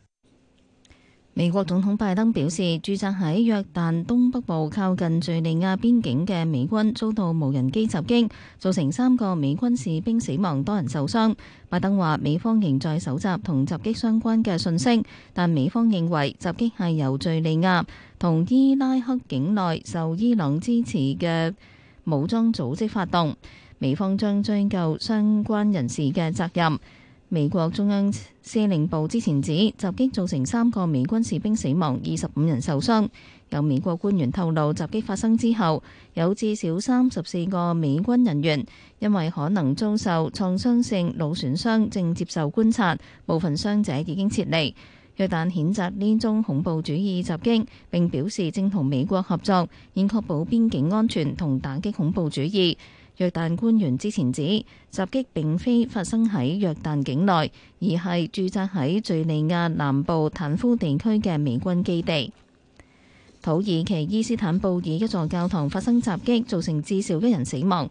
美國總統拜登表示，駐紮喺約旦東北部靠近敘利亞邊境嘅美軍遭到無人機襲擊，造成三個美軍士兵死亡，多人受傷。拜登話，美方仍在搜集同襲擊相關嘅訊息，但美方認為襲擊係由敘利亞同伊拉克境內受伊朗支持嘅武裝組織發動，美方將追究相關人士嘅責任。美國中央司令部之前指襲擊造成三個美軍士兵死亡，二十五人受傷。有美國官員透露，襲擊發生之後，有至少三十四個美軍人員因為可能遭受創傷性腦損傷，正接受觀察。部分傷者已經撤離。約旦譴責呢宗恐怖主義襲擊，並表示正同美國合作，以確保邊境安全同打擊恐怖主義。約旦官員之前指，襲擊並非發生喺約旦境內，而係駐紮喺敘利亞南部坦夫地區嘅美軍基地。土耳其伊斯坦布爾一座教堂發生襲擊，造成至少一人死亡。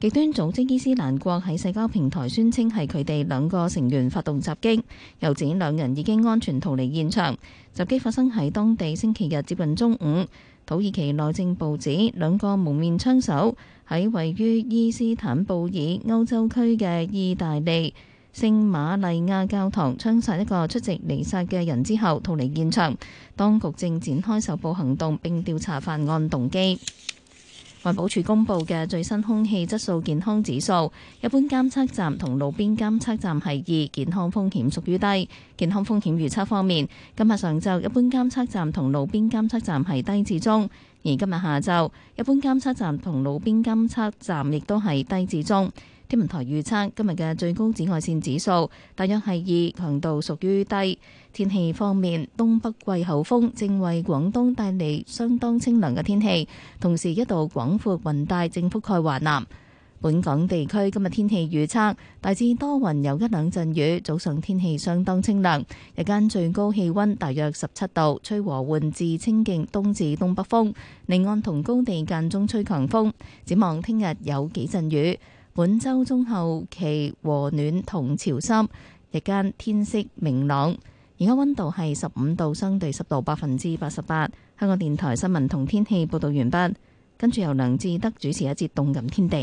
極端組織伊斯蘭國喺社交平台宣稱係佢哋兩個成員發動襲擊，又指兩人已經安全逃離現場。襲擊發生喺當地星期日接近中午。土耳其內政部指，兩個蒙面槍手。喺位於伊斯坦布爾、歐洲區嘅意大利聖瑪麗亞教堂槍殺一個出席彌撒嘅人之後，逃離現場。當局正展開搜捕行動，並調查犯案動機。環保署公布嘅最新空氣質素健康指數，一般監測站同路邊監測站係二，健康風險屬於低。健康風險預測方面，今日上晝一般監測站同路邊監測站係低至中。而今日下晝，一般監測站同路邊監測站亦都係低至中。天文台預測今日嘅最高紫外線指數大約係二，強度屬於低。天氣方面，東北季候風正為廣東帶嚟相當清涼嘅天氣，同時一道廣闊雲帶正覆蓋華南。本港地區今日天氣預測大致多雲，有一兩陣雨。早上天氣相當清涼，日間最高氣溫大約十七度，吹和緩至清勁東至東北風。離岸同高地間中吹強風。展望聽日有幾陣雨。本周中後期和暖同潮濕，日間天色明朗。而家溫度係十五度，相對濕度百分之八十八。香港電台新聞同天氣報道完畢。跟住由梁志德主持一節《動感天地》。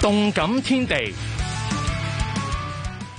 動感天地，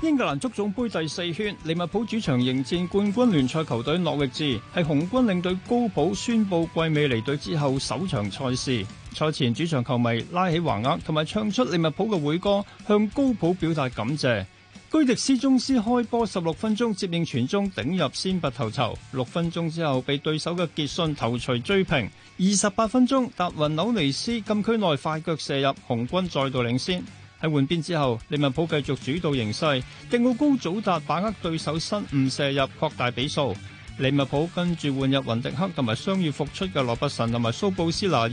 英格蘭足總盃第四圈，利物浦主場迎戰冠軍聯賽球隊諾域治，係紅軍領隊高普宣布季尾離隊之後首場賽事。賽前主場球迷拉起橫額，同埋唱出利物浦嘅會歌，向高普表達感謝。居迪斯宗斯開波十六分鐘接應傳中頂入先拔頭籌，六分鐘之後被對手嘅杰信頭槌追平。二十八分鐘，達雲紐尼斯禁區內快腳射入，紅軍再度領先。喺換邊之後，利物浦繼續主導形勢。迪奧高祖達把握對手失誤射入擴大比數。利物浦跟住換入雲迪克同埋傷愈復出嘅羅伯臣同埋蘇布斯拿爾。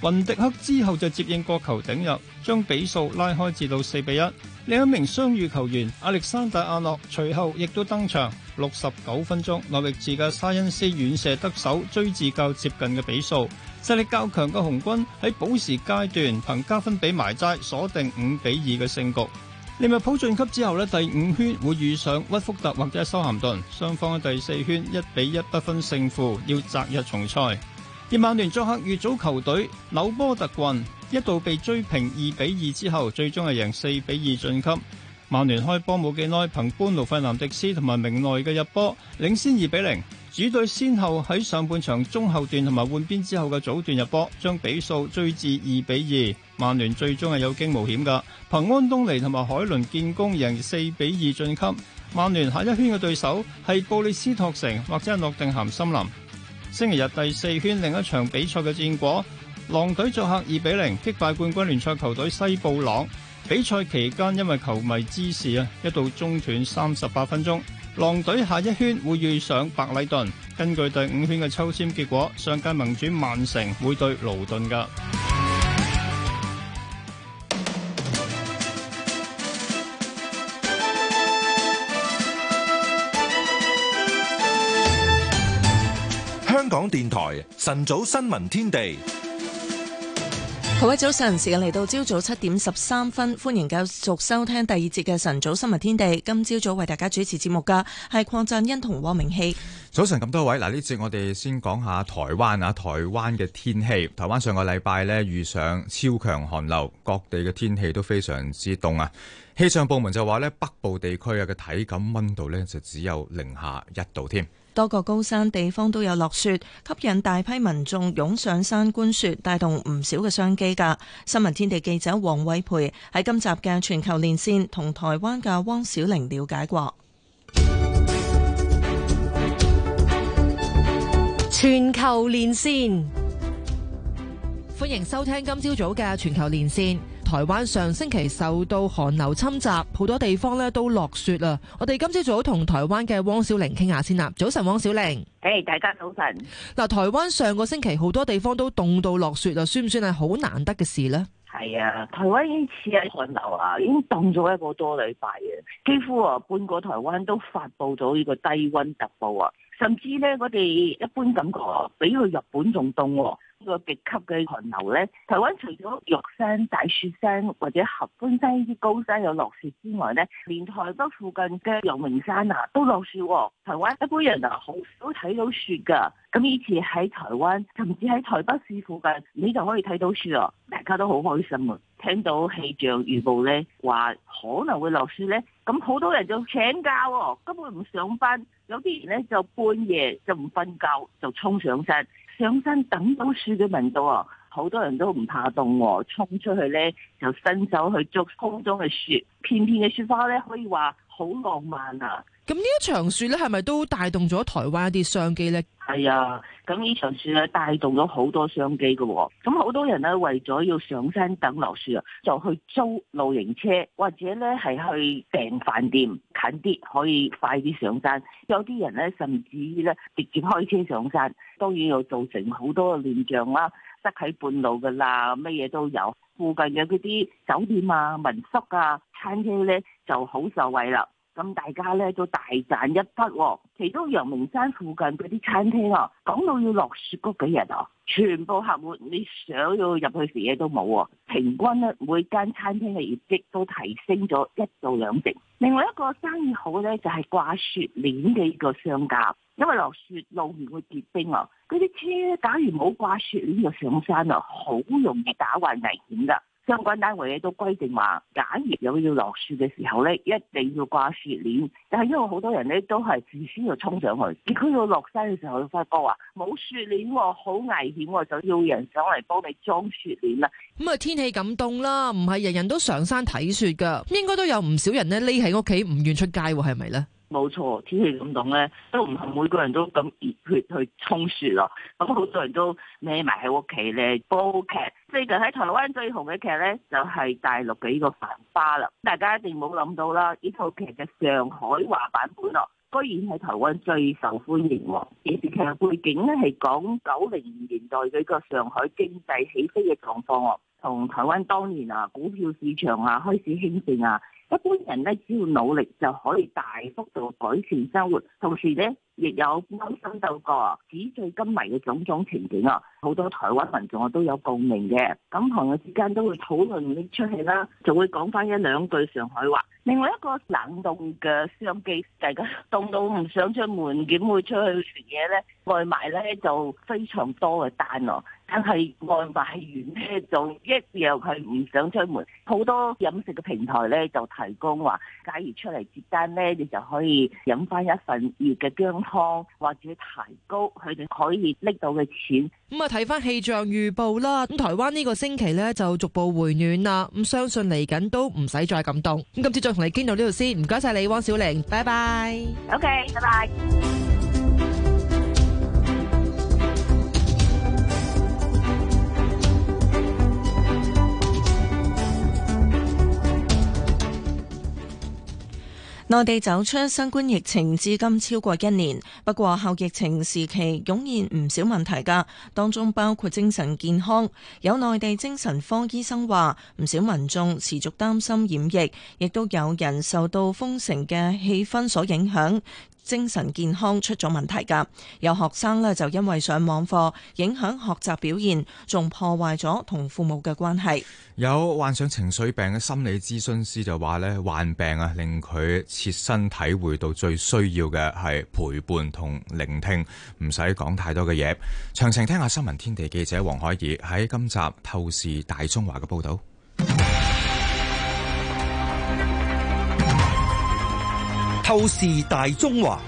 雲迪克之後就接應個球頂入，將比數拉開至到四比一。另一名傷愈球員阿歷山大阿諾隨後亦都登場。六十九分鐘，諾域治嘅沙恩斯遠射得手，追至較接近嘅比數，實力較強嘅紅軍喺補時階段憑加分比埋齋鎖定五比二嘅勝局。利物浦晉級之後呢第五圈會遇上屈福特或者修咸頓，雙方嘅第四圈一比一不分勝負要擇日重賽，而曼聯作客預組球隊紐波特郡。一度被追平二比二之後，最終係贏四比二晉級。曼聯開波冇幾耐，憑般奴費南迪斯同埋明內嘅入波領先二比零。主隊先後喺上半場中後段同埋換邊之後嘅早段入波，將比數追至二比二。曼聯最終係有驚無險噶，憑安東尼同埋海倫建功贏四比二晉級。曼聯下一圈嘅對手係布里斯托城或者係諾定咸森林。星期日第四圈另一場比賽嘅戰果。狼隊作客二比零擊敗冠軍聯賽球隊西布朗。比賽期間因為球迷滋事啊，一度中斷三十八分鐘。狼隊下一圈會遇上白禮頓。根據第五圈嘅抽籤結果，上屆盟主曼城會對勞頓㗎。香港電台晨早新聞天地。各位早晨，時間嚟到，朝早七點十三分，歡迎繼續收聽第二節嘅晨早新聞天地。今朝早為大家主持節目嘅係鄺振欣同黃明熙。早晨，咁多位。嗱，呢節我哋先講下台灣啊，台灣嘅天氣。台灣上個禮拜咧遇上超強寒流，各地嘅天氣都非常之凍啊。氣象部門就話咧，北部地區啊嘅體感溫度咧就只有零下一度添。多個高山地方都有落雪，吸引大批民眾湧上山觀雪，帶動唔少嘅商機㗎。新聞天地記者黃偉培喺今集嘅全球連線同台灣嘅汪小玲了解過。全球連線，歡迎收聽今朝早嘅全球連線。台灣上星期受到寒流侵襲，好多地方咧都落雪啦。我哋今朝早同台灣嘅汪小玲傾下先啦。早晨，汪小玲。誒，hey，大家早晨。嗱，台灣上個星期好多地方都凍到落雪啊，算唔算係好難得嘅事呢？係啊，台灣呢次啊寒流啊，已經凍咗一個多禮拜啊，幾乎啊半個台灣都發佈咗呢個低溫特報啊，甚至呢，我哋一般感覺比去日本仲凍。個極級嘅寒流呢，台灣除咗玉山、大雪山或者合歡山呢啲高山有落雪之外呢，連台北附近嘅陽明山啊都落雪喎。台灣一般人啊好少睇到雪噶，咁以前喺台灣，甚至喺台北市附近，你就可以睇到雪啊喇！大家都好開心啊，聽到氣象預報呢話可能會落雪呢。咁好多人就請假喎，根本唔上班。有啲人呢，就半夜就唔瞓覺，就衝上山。上山等到雪嘅聞到啊，好多人都唔怕凍喎，衝出去咧就伸手去捉空中嘅雪，片片嘅雪花咧可以話。好浪漫啊！咁呢一場雪咧，係咪都帶動咗台灣一啲商機呢？係啊，咁呢場雪咧帶動咗好多商機㗎喎。咁好多人咧為咗要上山等落雪啊，就去租露營車，或者咧係去訂飯店近啲，可以快啲上山。有啲人咧甚至於咧直接開車上山，當然又造成好多嘅亂象啦。得喺半路噶啦，乜嘢都有，附近嘅嗰啲酒店啊、民宿啊、餐廳咧就好受惠啦。咁大家咧都大賺一筆喎。哦，其中陽明山附近嗰啲餐廳啊，講到要落雪嗰幾日啊，全部客滿，你想要入去食嘢都冇喎，啊。平均咧每間餐廳嘅業績都提升咗一到兩成。另外一個生意好咧，就係、是、掛雪鏈嘅呢個商家，因為落雪路面會結冰啊，嗰啲車咧假如冇掛雪鏈就上山啊，好容易打滑危險㗎。相關單位咧都規定話，假如有要落雪嘅時候咧，一定要掛雪鏈。但係因為好多人咧都係事先要衝上去，結果要落山嘅時候發覺話冇雪鏈，好危險喎，就要人上嚟幫你裝雪鏈啦。咁啊，天氣咁凍啦，唔係人人都上山睇雪㗎，應該都有唔少人咧匿喺屋企，唔願出街喎，係咪咧？冇錯，天氣咁凍咧，都唔係每個人都咁熱血去衝雪咯、啊。咁好多人都匿埋喺屋企咧煲劇。最近喺台灣最紅嘅劇咧，就係、是、大陸嘅呢個繁花啦、啊。大家一定冇諗到啦，呢套劇嘅上海話版本哦、啊，居然喺台灣最受歡迎喎、啊。電視劇嘅背景咧係講九零年代嘅個上海經濟起飛嘅狀況哦、啊，同台灣當年啊股票市場啊開始興盛啊。一般人咧，只要努力就可以大幅度改善生活，同時咧。亦有勾心鬥角、紙醉金迷嘅種種情景啊！好多台灣民眾啊都有共鳴嘅，咁朋友之間都會討論呢出戲啦，就會講翻一兩句上海話。另外一個冷凍嘅商機，大家凍到唔想出門，點會出去食嘢呢？外賣呢就非常多嘅單囉，但係外賣員呢就一樣係唔想出門。好多飲食嘅平台呢就提供話，假如出嚟接單呢，你就可以飲翻一份熱嘅薑。或者提高佢哋可以拎到嘅錢咁啊！睇翻氣象預報啦，咁台灣呢個星期咧就逐步回暖啦，咁相信嚟緊都唔使再咁凍。咁今次再同你傾到呢度先，唔該晒你，汪小玲，拜拜。OK，拜拜。內地走出新冠疫情至今超過一年，不過，後疫情時期湧現唔少問題㗎，當中包括精神健康。有內地精神科醫生話，唔少民眾持續擔心染疫，亦都有人受到封城嘅氣氛所影響。精神健康出咗問題噶，有學生呢，就因為上網課影響學習表現，仲破壞咗同父母嘅關係。有患上情緒病嘅心理諮詢師就話呢，患病啊令佢切身體會到最需要嘅係陪伴同聆聽，唔使講太多嘅嘢。詳情聽下新聞天地記者黃海怡喺今集透視大中華嘅報道。都市大中華。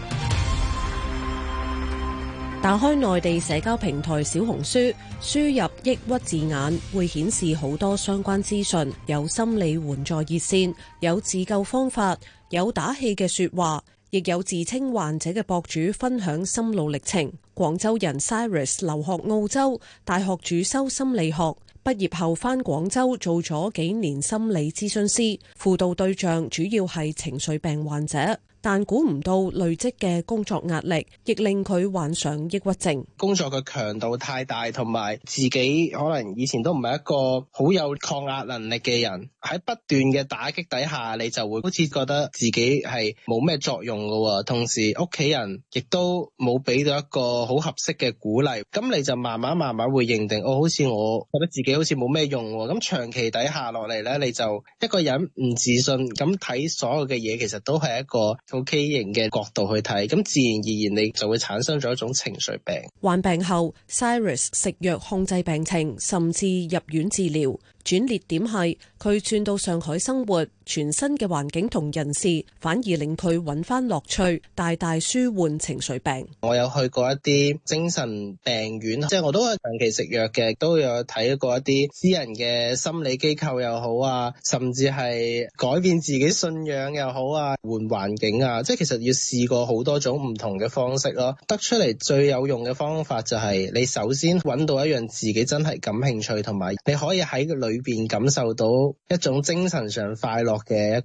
打開內地社交平台小紅書，輸入抑鬱字眼，會顯示好多相關資訊。有心理援助熱線，有自救方法，有打氣嘅說話，亦有自稱患者嘅博主分享心路歷程。廣州人 Cyrus 留學澳洲，大學主修心理學，畢業後返廣州做咗幾年心理諮詢師，輔導對象主要係情緒病患者。但估唔到累積嘅工作壓力，亦令佢患上抑鬱症。工作嘅強度太大，同埋自己可能以前都唔係一個好有抗壓能力嘅人。喺不斷嘅打擊底下，你就會好似覺得自己係冇咩作用㗎。同時屋企人亦都冇俾到一個好合適嘅鼓勵，咁你就慢慢慢慢會認定哦，好似我覺得自己好似冇咩用。咁長期底下落嚟呢，你就一個人唔自信，咁睇所有嘅嘢，其實都係一個。畸形嘅角度去睇，咁自然而然你就會產生咗一種情緒病。患病後，Cyrus 食藥控制病情，甚至入院治療。轉捩點係佢轉到上海生活，全新嘅環境同人事反而令佢揾翻樂趣，大大舒緩情緒病。我有去過一啲精神病院，即係我都係長期食藥嘅，都有睇過一啲私人嘅心理機構又好啊，甚至係改變自己信仰又好啊，換環境啊，即係其實要試過好多種唔同嘅方式咯。得出嚟最有用嘅方法就係你首先揾到一樣自己真係感興趣，同埋你可以喺個旅，裏邊感受到一種精神上快樂嘅一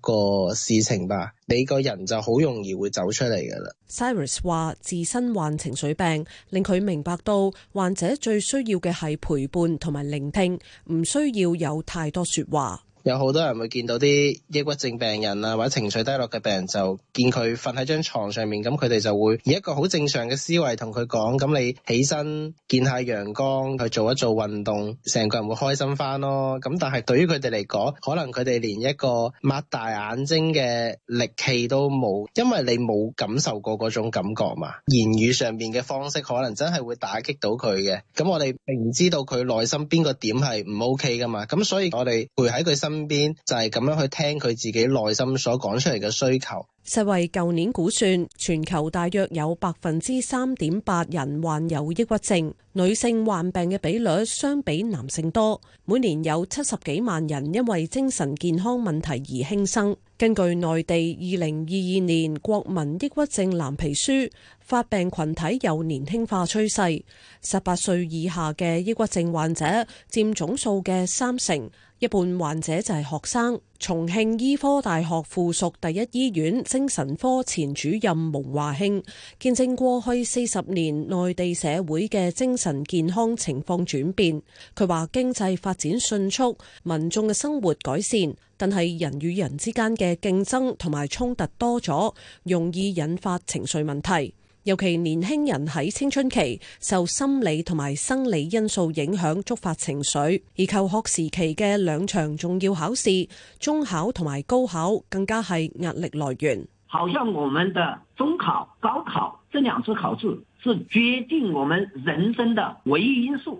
個事情吧，你個人就好容易會走出嚟噶啦。Cyrus 話自身患情緒病，令佢明白到患者最需要嘅係陪伴同埋聆聽，唔需要有太多說話。有好多人會見到啲抑鬱症病人啊，或者情緒低落嘅病人，就見佢瞓喺張床上面，咁佢哋就會以一個好正常嘅思維同佢講，咁你起身見下陽光，去做一做運動，成個人會開心返咯。咁但係對於佢哋嚟講，可能佢哋連一個擘大眼睛嘅力氣都冇，因為你冇感受過嗰種感覺嘛。言語上面嘅方式可能真係會打擊到佢嘅。咁我哋並唔知道佢內心邊個點係唔 OK 㗎嘛，咁所以我哋陪喺佢身。身邊就係咁樣去聽佢自己內心所講出嚟嘅需求。世衛舊年估算，全球大約有百分之三點八人患有抑鬱症，女性患病嘅比率相比男性多。每年有七十幾萬人因為精神健康問題而輕生。根據內地二零二二年國民抑鬱症藍皮書，發病群體有年輕化趨勢，十八歲以下嘅抑鬱症患者佔總數嘅三成。一半患者就係學生。重慶醫科大學附屬第一醫院精神科前主任蒙華慶見證過去四十年內地社會嘅精神健康情況轉變，佢話經濟發展迅速，民眾嘅生活改善，但係人與人之間嘅競爭同埋衝突多咗，容易引發情緒問題。尤其年輕人喺青春期受心理同埋生理因素影響觸發情緒，而求學時期嘅兩場重要考試——中考同埋高考，更加係壓力來源。好像我們的中考、高考這兩次考試，是決定我們人生的唯一因素。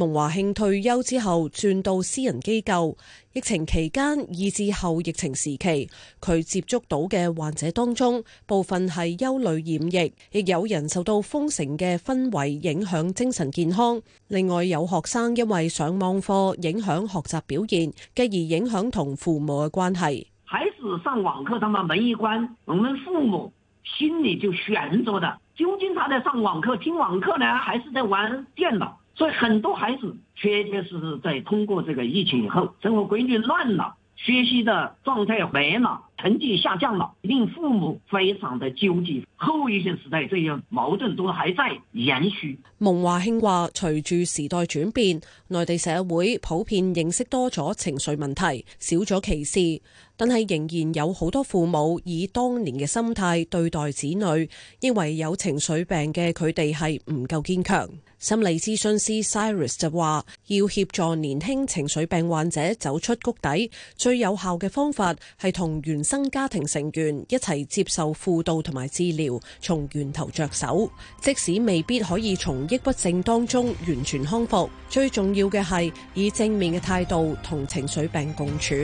蒙華慶退休之後轉到私人機構，疫情期間以至後疫情時期，佢接觸到嘅患者當中，部分係憂慮染疫，亦有人受到封城嘅氛圍影響精神健康。另外有學生因為上網課影響學習表現，繼而影響同父母嘅關係。孩子上網課，他媽門一關，我們父母心裏就懸着的，究竟他在上網課聽網課呢，還是在玩電腦？所以很多孩子確確實實在通過這個疫情以後，生活規律亂了，學習的狀態也亂了。成績下降了，令父母非常的糾結。後疫情時代，這樣矛盾都還在延續。蒙華興話，隨住時代轉變，內地社會普遍認識多咗情緒問題，少咗歧視，但係仍然有好多父母以當年嘅心態對待子女，因為有情緒病嘅佢哋係唔夠堅強。心理諮詢師 Cyrus 就話，要協助年輕情緒病患者走出谷底，最有效嘅方法係同原。新家庭成員一齊接受輔導同埋治療，從源頭着手。即使未必可以從抑鬱症當中完全康復，最重要嘅係以正面嘅態度同情緒病共處。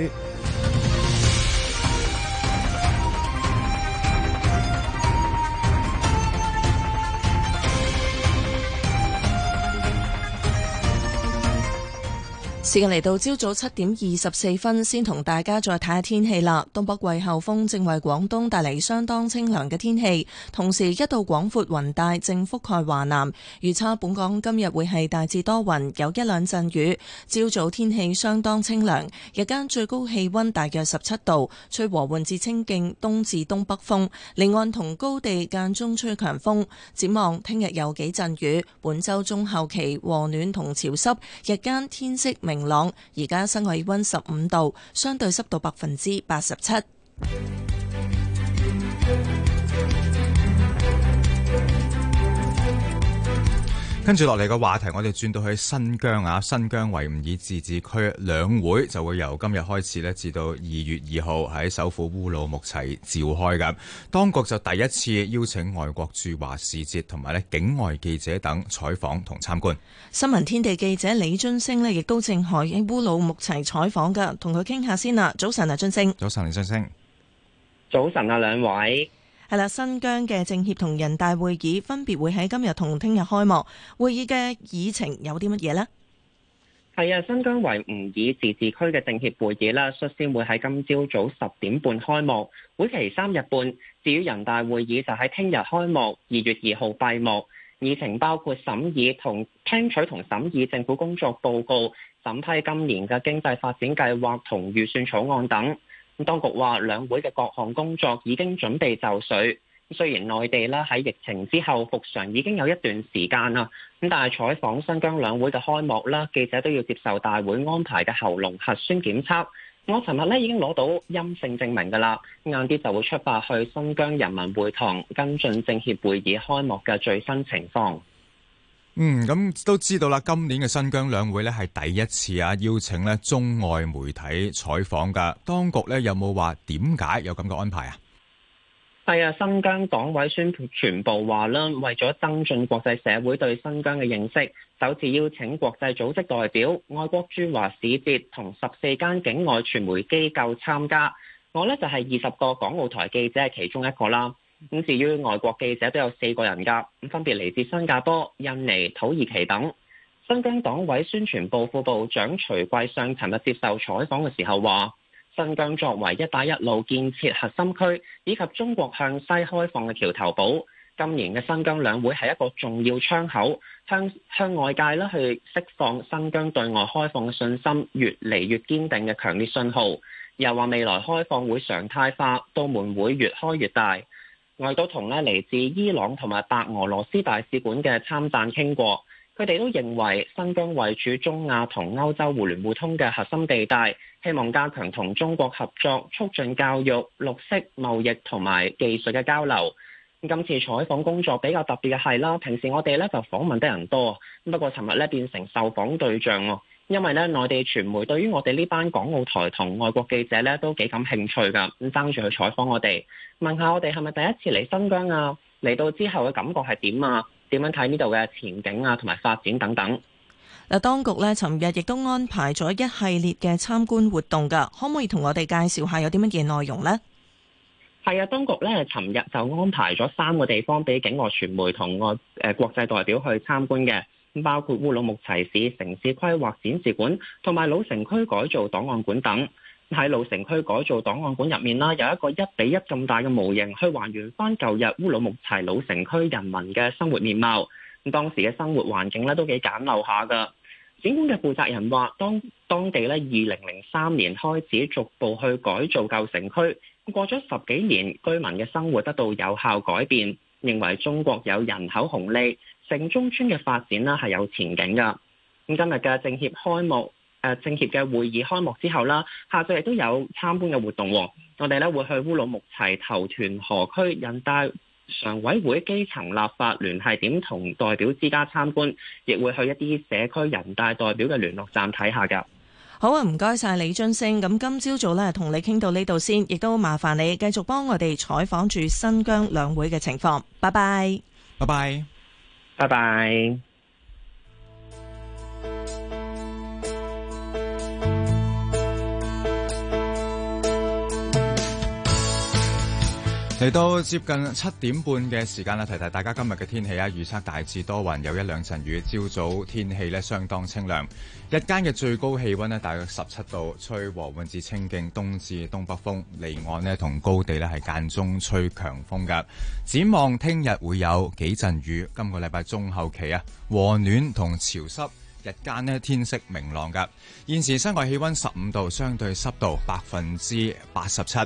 時間嚟到朝早七點二十四分，先同大家再睇下天氣啦。東北季候風正為廣東帶嚟相當清涼嘅天氣，同時一道廣闊雲帶正覆蓋華南。預測本港今日會係大致多雲，有一兩陣雨。朝早天氣相當清涼，日間最高氣溫大約十七度，吹和緩至清勁東至東北風。離岸同高地間中吹強風。展望聽日有幾陣雨，本周中後期和暖同潮濕，日間天色明。而家室外氣溫十五度，相對濕度百分之八十七。跟住落嚟嘅話題，我哋轉到去新疆啊！新疆維吾爾自治區兩會就會由今日開始呢，至到二月二號喺首府烏魯木齊召開噶。當局就第一次邀請外國駐華使節同埋咧境外記者等採訪同參觀。新聞天地記者李津升呢，亦都正喺烏魯木齊採訪噶，同佢傾下先啦。早晨啊，津升。早晨，李津升。早晨啊，兩位。係啦，新疆嘅政協同人大會議分別會喺今日同聽日開幕。會議嘅議程有啲乜嘢呢？係啊，新疆維吾爾自治區嘅政協會議啦，率先會喺今朝早十點半開幕，會期三日半。至於人大會議就喺聽日開幕，二月二號閉幕。議程包括審議同聽取同審議政府工作報告、審批今年嘅經濟發展計劃同預算草案等。當局話兩會嘅各項工作已經準備就緒，雖然內地啦喺疫情之後復常已經有一段時間啦，咁但係採訪新疆兩會嘅開幕啦，記者都要接受大會安排嘅喉嚨核酸檢測。我尋日咧已經攞到陰性證明㗎啦，晏啲就會出發去新疆人民會堂，跟進政協會議開幕嘅最新情況。嗯，咁都知道啦，今年嘅新疆兩會呢，係第一次啊邀請呢中外媒體採訪噶，當局呢，有冇話點解有咁個安排啊？係啊，新疆黨委宣傳部話啦，為咗增進國際社會對新疆嘅認識，首次邀請國際組織代表、外國駐華使節同十四間境外傳媒機構參加。我呢，就係二十個港澳台記者其中一個啦。咁至於外國記者都有四個人㗎，分別嚟自新加坡、印尼、土耳其等。新疆黨委宣傳部副部長徐貴相尋日接受採訪嘅時候話：新疆作為一帶一路建設核心區，以及中國向西開放嘅橋頭堡，今年嘅新疆兩會係一個重要窗口向，向向外界咧去釋放新疆對外開放嘅信心越嚟越堅定嘅強烈信號。又話未來開放會常態化，到 o o 門會越開越大。我都同咧嚟自伊朗同埋白俄羅斯大使館嘅參贊傾過，佢哋都認為新疆位處中亞同歐洲互聯互通嘅核心地帶，希望加強同中國合作，促進教育、綠色貿易同埋技術嘅交流。今次採訪工作比較特別嘅係啦，平時我哋咧就訪問得人多，不過尋日咧變成受訪對象喎。因為咧，內地傳媒對於我哋呢班港澳台同外國記者咧都幾感興趣噶，咁爭住去採訪我哋，問下我哋係咪第一次嚟新疆啊？嚟到之後嘅感覺係點啊？點樣睇呢度嘅前景啊？同埋發展等等。嗱，當局咧，尋日亦都安排咗一系列嘅參觀活動噶，可唔可以同我哋介紹下有啲乜嘢內容呢？係啊，當局咧，尋日就安排咗三個地方俾境外傳媒同外誒國際代表去參觀嘅。包括烏魯木齊市城市規劃展示館同埋老城區改造檔案館等，喺老城區改造檔案館入面啦，有一個一比一咁大嘅模型，去還原翻舊日烏魯木齊老城區人民嘅生活面貌。咁當時嘅生活環境咧都幾簡陋下噶。展館嘅負責人話：當當地咧，二零零三年開始逐步去改造舊城區，過咗十幾年，居民嘅生活得到有效改變，認為中國有人口紅利。城中村嘅發展啦，係有前景噶。咁今日嘅政協開幕，誒、呃，政協嘅會議開幕之後啦，下晝亦都有參觀嘅活動。我哋咧會去烏魯木齊頭屯河區人大常委會基層立法聯繫點同代表之家參觀，亦會去一啲社區人大代表嘅聯絡站睇下。噶好啊，唔該晒李俊星。咁今朝早咧，同你傾到呢度先，亦都麻煩你繼續幫我哋採訪住新疆兩會嘅情況。拜拜，拜拜。拜拜。嚟到接近七點半嘅時間啦，提提大家今日嘅天氣啊，預測大致多雲，有一兩陣雨。朝早天氣咧相當清涼，日間嘅最高氣溫咧大約十七度，吹和緩至清勁，東至東北風離岸咧同高地咧係間中吹強風噶。展望聽日會有幾陣雨，今個禮拜中後期啊，和暖同潮濕。日間呢天色明朗㗎，現時室外氣溫十五度，相對濕度百分之八十七。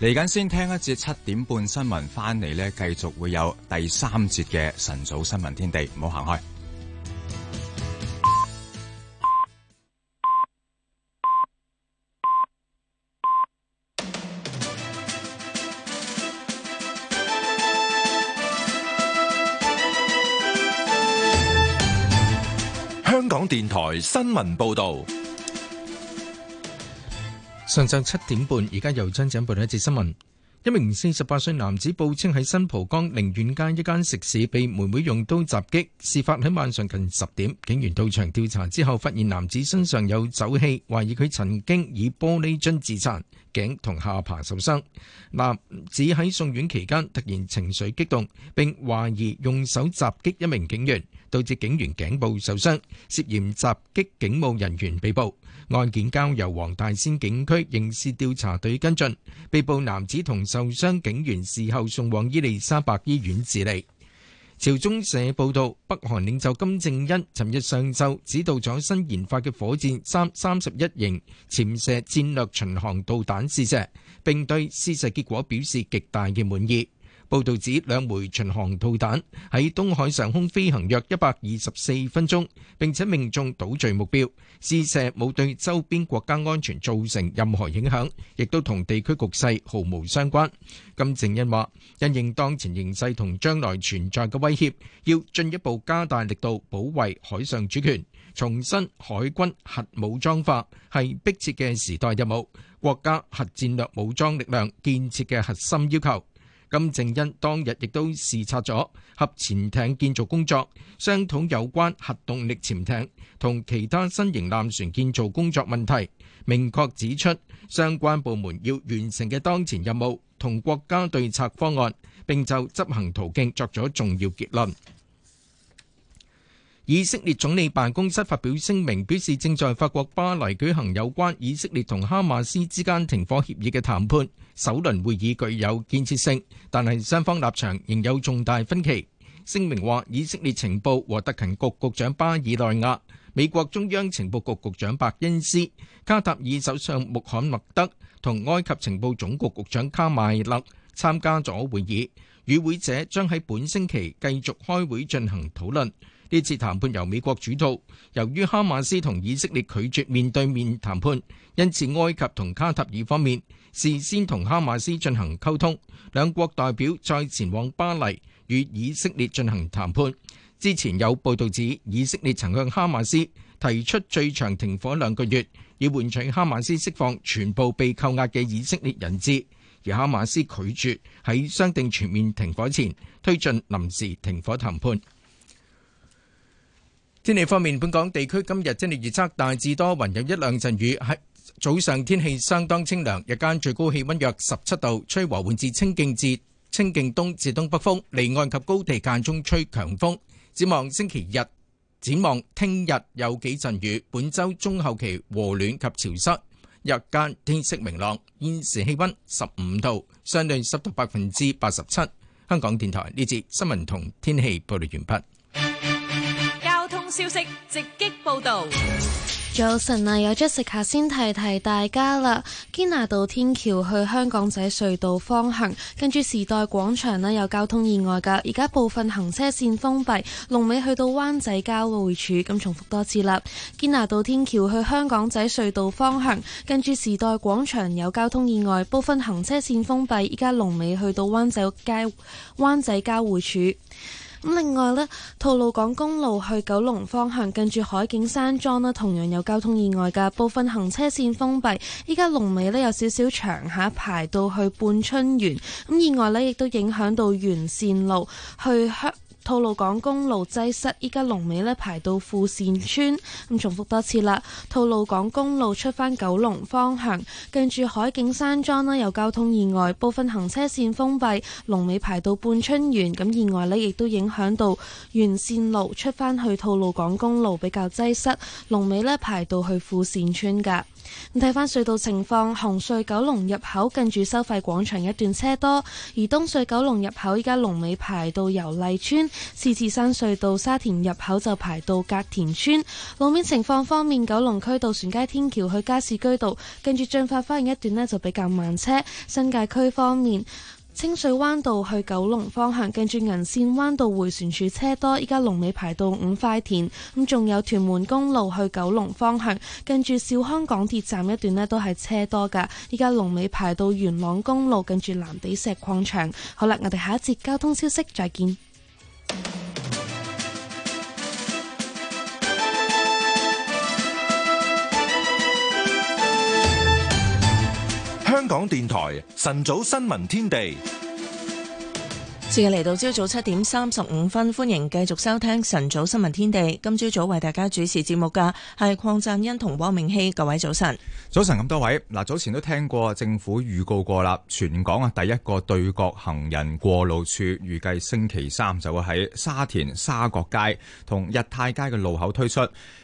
嚟緊先聽一節七點半新聞，翻嚟呢繼續會有第三節嘅晨早新聞天地，唔好行開。港電台新聞報道：上晝七點半，而家又將展開一節新聞。一名四十八歲男子報稱喺新蒲崗寧遠街一間食肆被妹妹用刀襲擊。事發喺晚上近十點，警員到場調查之後，發現男子身上有酒氣，懷疑佢曾經以玻璃樽自殘，頸同下巴受傷。男子喺送院期間突然情緒激動，並懷疑用手襲擊一名警員。導致警員頸部受傷，涉嫌襲擊警務人員被捕。案件交由黃大仙警區刑事調查隊跟進。被捕男子同受傷警員事後送往伊利沙伯醫院治理。朝中社報道，北韓領袖金正恩尋日上晝指導咗新研發嘅火箭三三十一型潛射戰略巡航導彈試射，並對試射結果表示極大嘅滿意。報道指兩枚巡航導彈喺東海上空飛行約一百二十四分鐘，並且命中島嶼目標。試射冇對周邊國家安全造成任何影響，亦都同地區局勢毫無相關。金正恩話：因應當前形勢同將來存在嘅威脅，要進一步加大力度保衛海上主權，重申海軍核武裝化係迫切嘅時代任務，國家核戰略武裝力量建設嘅核心要求。金正恩當日亦都視察咗核潛艇建造工作，商討有關核動力潛艇同其他新型艦船建造工作問題，明確指出相關部門要完成嘅當前任務同國家對策方案，並就執行途徑作咗重要結論。以色列總理辦公室發表聲明，表示正在法國巴黎舉行有關以色列同哈馬斯之間停火協議嘅談判。首輪會議具有建設性，但係雙方立場仍有重大分歧。聲明話，以色列情報和特勤局局長巴爾內亞、美國中央情報局局長白恩斯、卡塔爾首相穆罕默德同埃及情報總局局長卡麥勒參加咗會議。與會者將喺本星期繼續開會進行討論。呢次談判由美國主導，由於哈馬斯同以色列拒絕面對面談判，因此埃及同卡塔爾方面事先同哈馬斯進行溝通，兩國代表再前往巴黎與以色列進行談判。之前有報道指，以色列曾向哈馬斯提出最長停火兩個月，以換取哈馬斯釋放全部被扣押嘅以色列人質，而哈馬斯拒絕喺商定全面停火前推進臨時停火談判。天氣方面，本港地區今日天氣預測大致多雲，有一兩陣雨。喺早上天氣相當清涼，日間最高氣溫約十七度，吹和緩至清勁至清勁東至東北風，離岸及高地間中吹強風。展望星期日，展望聽日有幾陣雨。本周中後期和暖及潮濕，日間天色明朗，現時氣溫十五度，相對濕度百分之八十七。香港電台呢節新聞同天氣報道完畢。消息直擊報道，早晨啊，有咗食下先提提大家啦。堅拿道天橋去香港仔隧道方向，跟住時代廣場咧有交通意外噶，而家部分行車綫封閉，龍尾去到灣仔交匯處。咁重複多次啦。堅拿道天橋去香港仔隧道方向，跟住時代廣場有交通意外，部分行車綫封閉，依家龍尾去到灣仔街，灣仔交匯處。咁另外呢，吐露港公路去九龍方向近住海景山莊咧，同樣有交通意外嘅，部分行車線封閉，依家龍尾咧有少少長下排到去半春園，咁意外呢亦都影響到沿綫路去香。吐露港公路擠塞，依家龍尾咧排到富善村。咁重複多次啦。吐露港公路出返九龍方向，近住海景山莊咧有交通意外，部分行車線封閉，龍尾排到半春園。咁意外呢亦都影響到沿線路出返去吐露港公路比較擠塞，龍尾呢排到去富善村噶。睇翻隧道情況，紅隧九龍入口近住收費廣場一段車多，而東隧九龍入口依家龍尾排到油麗村，獅子山隧道沙田入口就排到隔田村。路面情況方面，九龍區渡船街天橋去加士居道，近住駿發花園一段呢就比較慢車。新界區方面。清水灣道去九龍方向，近住銀線灣道回旋處車多，依家龍尾排到五塊田。咁仲有屯門公路去九龍方向，近住兆康港鐵站一段呢，都係車多噶，依家龍尾排到元朗公路，近住藍地石礦場。好啦，我哋下一節交通消息再見。香港電台晨早新聞天地，今日嚟到朝早七點三十五分，歡迎繼續收聽晨早新聞天地。今朝早為大家主持節目嘅係鄺贊恩同汪明熙。各位早晨，早晨咁多位。嗱，早前都聽過政府預告過啦，全港啊第一個對角行人過路處，預計星期三就會喺沙田沙角街同日泰街嘅路口推出，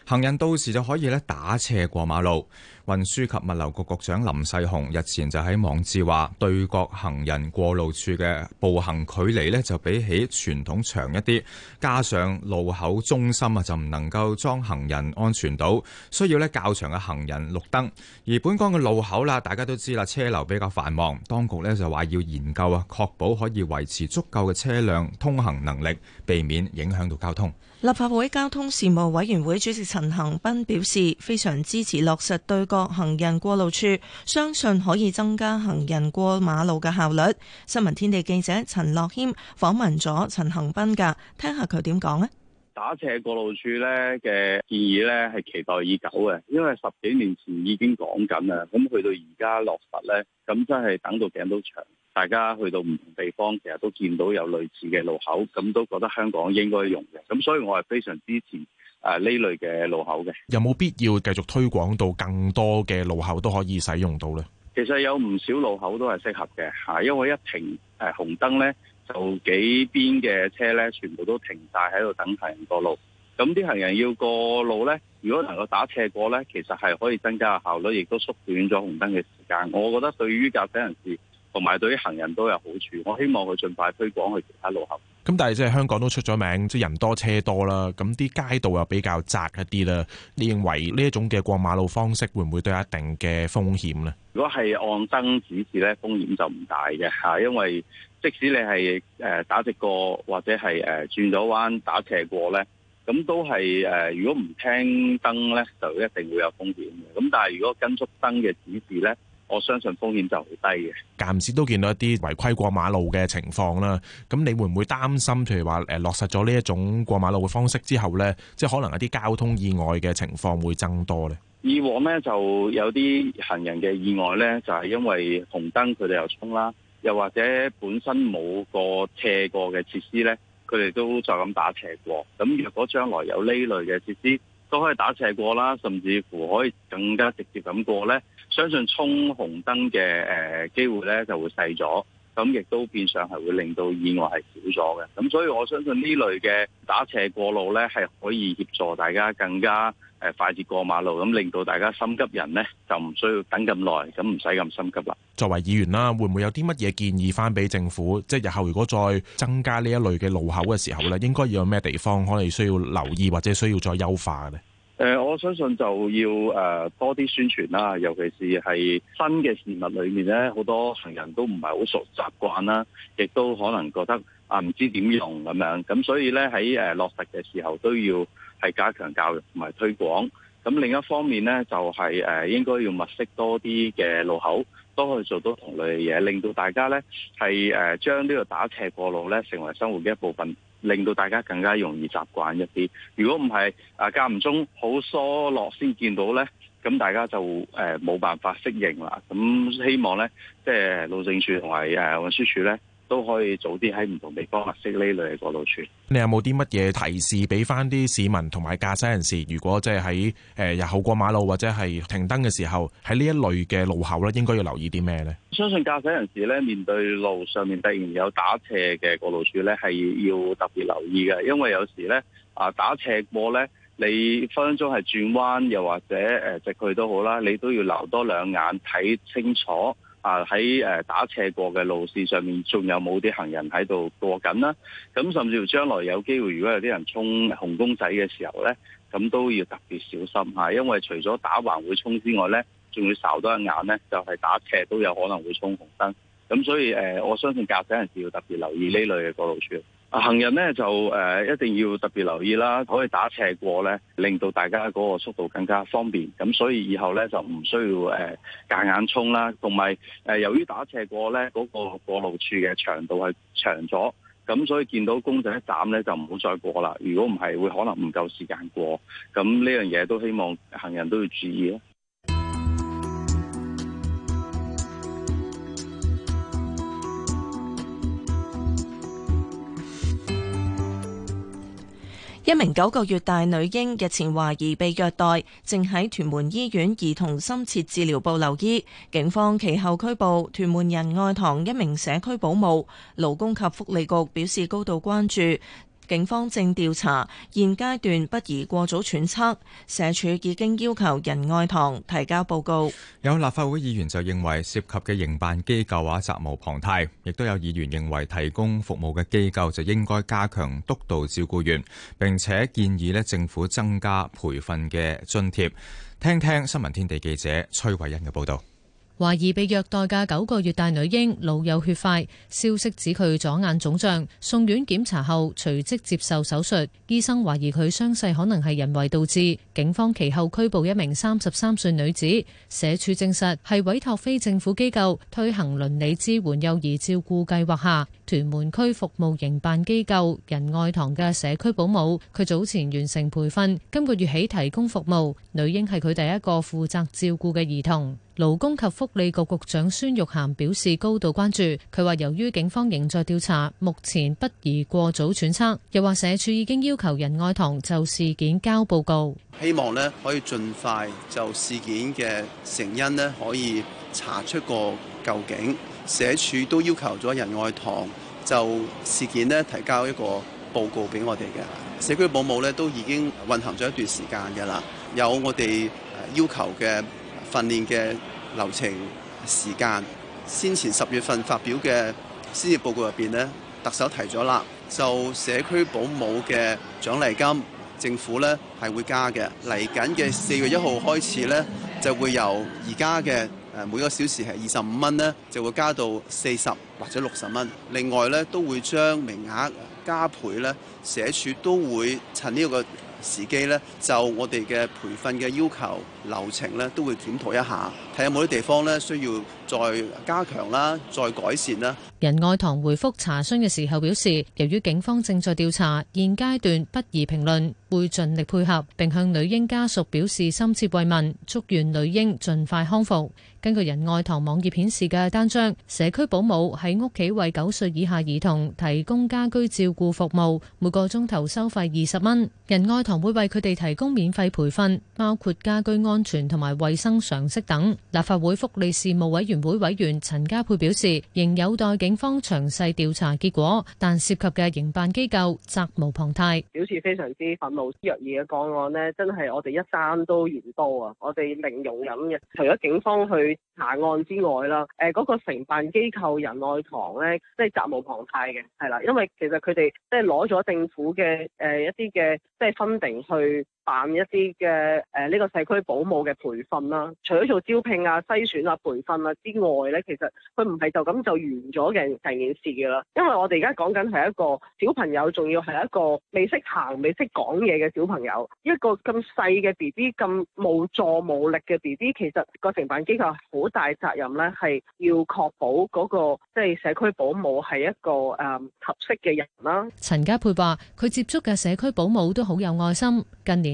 行人到時就可以咧打斜過馬路。運輸及物流局局長林世雄日前就喺網誌話，對角行人過路處嘅步行距離呢，就比起傳統長一啲，加上路口中心啊就唔能夠裝行人安全島，需要呢較長嘅行人綠燈。而本港嘅路口啦，大家都知啦，車流比較繁忙，當局呢，就話要研究啊，確保可以維持足夠嘅車輛通行能力，避免影響到交通。立法會交通事務委員會主席陳恒鑌表示，非常支持落實對角行人過路處，相信可以增加行人過馬路嘅效率。新聞天地記者陳樂謙訪問咗陳恒鑌噶，聽下佢點講咧。打斜過路處咧嘅建議咧係期待已久嘅，因為十幾年前已經講緊啦，咁去到而家落實咧，咁真係等到頸都長。大家去到唔同地方，其實都見到有類似嘅路口，咁都覺得香港應該用嘅。咁所以我係非常支持誒呢類嘅路口嘅。有冇必要繼續推廣到更多嘅路口都可以使用到咧？其實有唔少路口都係適合嘅，嚇，因為一停誒紅燈咧。就幾邊嘅車咧，全部都停晒喺度等行人過路。咁啲行人要過路咧，如果能夠打斜過咧，其實係可以增加效率，亦都縮短咗紅燈嘅時間。我覺得對於駕駛人士同埋對於行人都有好處。我希望佢盡快推廣去其他路口。咁但係即係香港都出咗名，即係人多車多啦。咁啲街道又比較窄一啲啦。你認為呢一種嘅過馬路方式會唔會都有一定嘅風險咧？如果係按燈指示咧，風險就唔大嘅吓，因為。即使你係誒打直過，或者係誒轉咗彎打斜過呢，咁都係誒、呃，如果唔聽燈呢，就一定會有風險嘅。咁但係如果跟足燈嘅指示呢，我相信風險就好低嘅。暫時都見到一啲違規過馬路嘅情況啦。咁你會唔會擔心？譬如話誒，落實咗呢一種過馬路嘅方式之後呢？即係可能一啲交通意外嘅情況會增多呢？以往呢，就有啲行人嘅意外呢，就係、是、因為紅燈佢哋又衝啦。又或者本身冇個斜過嘅設施呢，佢哋都就咁打斜過，咁若果將來有呢類嘅設施，都可以打斜過啦，甚至乎可以更加直接咁過呢，相信衝紅燈嘅誒機會，呢就會細咗，咁亦都變相係會令到意外係少咗嘅。咁所以我相信呢類嘅打斜過路呢，係可以協助大家更加。誒快捷過馬路咁，令到大家心急人呢就唔需要等咁耐，咁唔使咁心急啦。作為議員啦，會唔會有啲乜嘢建議翻俾政府？即係日後如果再增加呢一類嘅路口嘅時候呢，應該要有咩地方可能需要留意或者需要再優化呢？誒、呃，我相信就要誒、呃、多啲宣傳啦，尤其是係新嘅事物裏面呢，好多行人都唔係好熟習慣啦，亦都可能覺得啊唔知點用咁樣，咁所以呢，喺誒落實嘅時候都要。係加強教育同埋推廣，咁另一方面呢，就係、是、誒、呃、應該要物色多啲嘅路口，都可以做到同類嘢，令到大家呢係誒、呃、將呢個打斜過路呢成為生活嘅一部分，令到大家更加容易習慣一啲。如果唔係啊，間唔中好疏落先見到呢，咁大家就誒冇辦法適應啦。咁希望呢，即係路政署同埋誒運輸署呢，都可以早啲喺唔同地方識呢類嘅過路處。你有冇啲乜嘢提示俾翻啲市民同埋駕駛人士？如果即係喺誒日後過馬路或者係停燈嘅時候，喺呢一類嘅路口咧，應該要留意啲咩咧？相信駕駛人士咧，面對路上面突然有打斜嘅過路處咧，係要特別留意嘅，因為有時咧啊打斜過咧，你分分鐘係轉彎，又或者誒直去都好啦，你都要留多兩眼睇清楚。啊！喺誒打斜過嘅路線上面，仲有冇啲行人喺度過緊啦？咁甚至乎將來有機會，如果有啲人衝紅公仔嘅時候咧，咁都要特別小心吓，因為除咗打橫會衝之外咧，仲要稍多一眼咧，就係、是、打斜都有可能會衝紅燈。咁所以誒，我相信駕駛人士要特別留意呢類嘅過路處。行人咧就誒、呃、一定要特別留意啦，可以打斜過咧，令到大家嗰個速度更加方便。咁所以以後咧就唔需要誒夾、呃、硬衝啦。同埋誒由於打斜過咧嗰、嗰個過路處嘅長度係長咗，咁所以見到公仔一斬咧就唔好再過啦。如果唔係會可能唔夠時間過。咁呢樣嘢都希望行人都要注意啊！一名九個月大女嬰日前懷疑被虐待，正喺屯門醫院兒童深切治療部留醫。警方其後拘捕屯門仁愛堂一名社區保姆。勞工及福利局表示高度關注。警方正調查，現階段不宜過早揣測。社署已經要求仁愛堂提交報告。有立法會議員就認為涉及嘅營辦機構啊責無旁貸，亦都有議員認為提供服務嘅機構就應該加強督導照顧員，並且建議呢政府增加培訓嘅津貼。聽聽新聞天地記者崔慧欣嘅報道。懷疑被虐待嘅九個月大女嬰腦有血塊，消息指佢左眼腫脹，送院檢查後隨即接受手術。醫生懷疑佢傷勢可能係人為導致。警方其後拘捕一名三十三歲女子。社署證實係委託非政府機構推行倫理支援幼兒照顧計劃下。屯門區服務營辦機構仁愛堂嘅社區保姆，佢早前完成培訓，今個月起提供服務。女嬰係佢第一個負責照顧嘅兒童。勞工及福利局局，局長孫玉菡表示高度關注，佢話由於警方仍在調查，目前不宜過早揣測。又話社署已經要求仁愛堂就事件交報告，希望咧可以盡快就事件嘅成因咧可以查出個究竟。社署都要求咗仁愛堂就事件呢提交一個報告俾我哋。嘅社區保姆呢，都已經運行咗一段時間嘅啦，有我哋要求嘅訓練嘅流程時間，先前十月份發表嘅施政報告入邊呢，特首提咗啦，就社區保姆嘅獎勵金，政府呢係會加嘅，嚟緊嘅四月一號開始呢，就會由而家嘅誒每一個小時係二十五蚊咧，就會加到四十或者六十蚊。另外咧，都會將名額加倍咧。社署都會趁呢個時機咧，就我哋嘅培訓嘅要求、流程咧，都會檢討一下。睇下冇啲地方咧，需要再加強啦，再改善啦。仁愛堂回覆查詢嘅時候表示，由於警方正在調查，現階段不宜評論，會盡力配合。並向女嬰家屬表示深切慰問，祝願女嬰盡快康復。根據仁愛堂網頁顯示嘅單張，社區保姆，喺屋企為九歲以下兒童提供家居照顧服務，每個鐘頭收費二十蚊。仁愛堂會為佢哋提供免費培訓，包括家居安全同埋衛生常識等。立法會福利事務委員會委員陳家佩表示，仍有待警方詳細調查結果，但涉及嘅營辦機構責無旁貸。表示非常之憤怒，虐兒嘅個案呢，真係我哋一宗都嫌多啊！我哋零容忍嘅，除咗警方去查案之外啦，誒，嗰個承辦機構仁愛堂咧，即係責無旁貸嘅，係啦，因為其實佢哋即係攞咗政府嘅誒一啲嘅即係 funding 去。辦一啲嘅，誒呢個社區保姆嘅培訓啦，除咗做招聘啊、篩選啊、培訓啊之外咧，其實佢唔係就咁就完咗嘅成件事嘅啦，因為我哋而家講緊係一個小朋友，仲要係一個未識行、未識講嘢嘅小朋友，一個咁細嘅 B B、咁冇助冇力嘅 B B，其實個承辦機構好大責任咧，係要確保嗰個即係社區保姆係一個誒合適嘅人啦。陳家佩話：佢接觸嘅社區保姆都好有愛心，近年。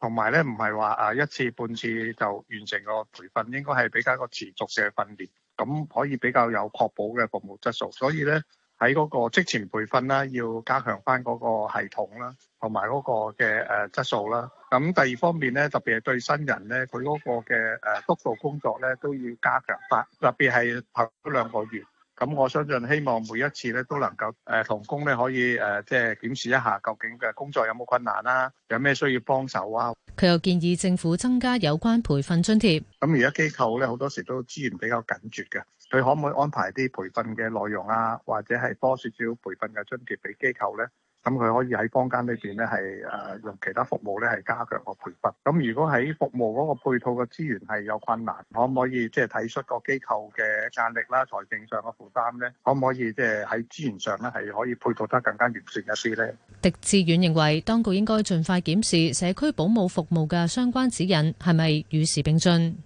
同埋咧，唔係話啊一次半次就完成個培訓，應該係比較個持續性嘅訓練，咁可以比較有確保嘅服務質素。所以咧喺嗰個職前培訓啦，要加強翻嗰個系統啦，同埋嗰個嘅誒質素啦。咁第二方面咧，特別係對新人咧，佢嗰個嘅誒督導工作咧都要加強，特別係頭兩個月。咁我相信希望每一次咧都能夠誒同工咧可以誒，即係檢視一下究竟嘅工作有冇困難啦，有咩需要幫手啊？佢又建議政府增加有關培訓津貼，咁而家機構咧好多時都資源比較緊缺嘅，佢可唔可以安排啲培訓嘅內容啊，或者係多少少培訓嘅津貼俾機構咧？咁佢可以喺坊間呢邊咧，係誒用其他服務咧，係加強個培訓。咁如果喺服務嗰個配套嘅資源係有困難，可唔可以即係睇出個機構嘅壓力啦，財政上嘅負擔咧？可唔可以即係喺資源上咧，係可以配套得更加完善一啲咧？狄志遠認為，當局應該盡快檢視社區保姆服務嘅相關指引，係咪與時並進。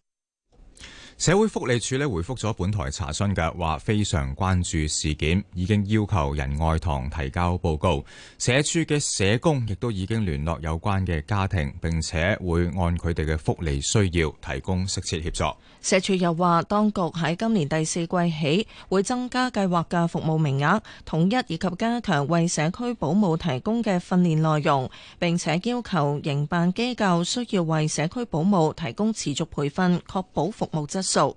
社會福利署呢，回覆咗本台查詢嘅話，非常關注事件，已經要求仁愛堂提交報告。社署嘅社工亦都已經聯絡有關嘅家庭，並且會按佢哋嘅福利需要提供適切協助。社署又話，當局喺今年第四季起會增加計劃嘅服務名額，統一以及加強為社區保姆提供嘅訓練內容，並且要求營辦機構需要為社區保姆提供持續培訓，確保服務質。數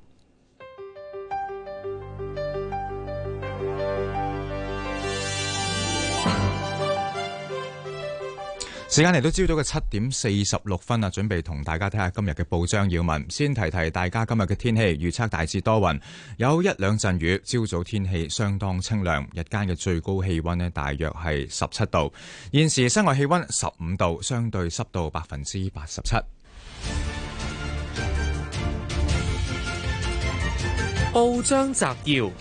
時間嚟到朝早嘅七點四十六分啊，準備同大家睇下今日嘅報章要聞。先提提大家今日嘅天氣預測大致多雲，有一兩陣雨。朝早天氣相當清涼，日間嘅最高氣溫呢，大約係十七度。現時室外氣溫十五度，相對濕度百分之八十七。報章摘要：《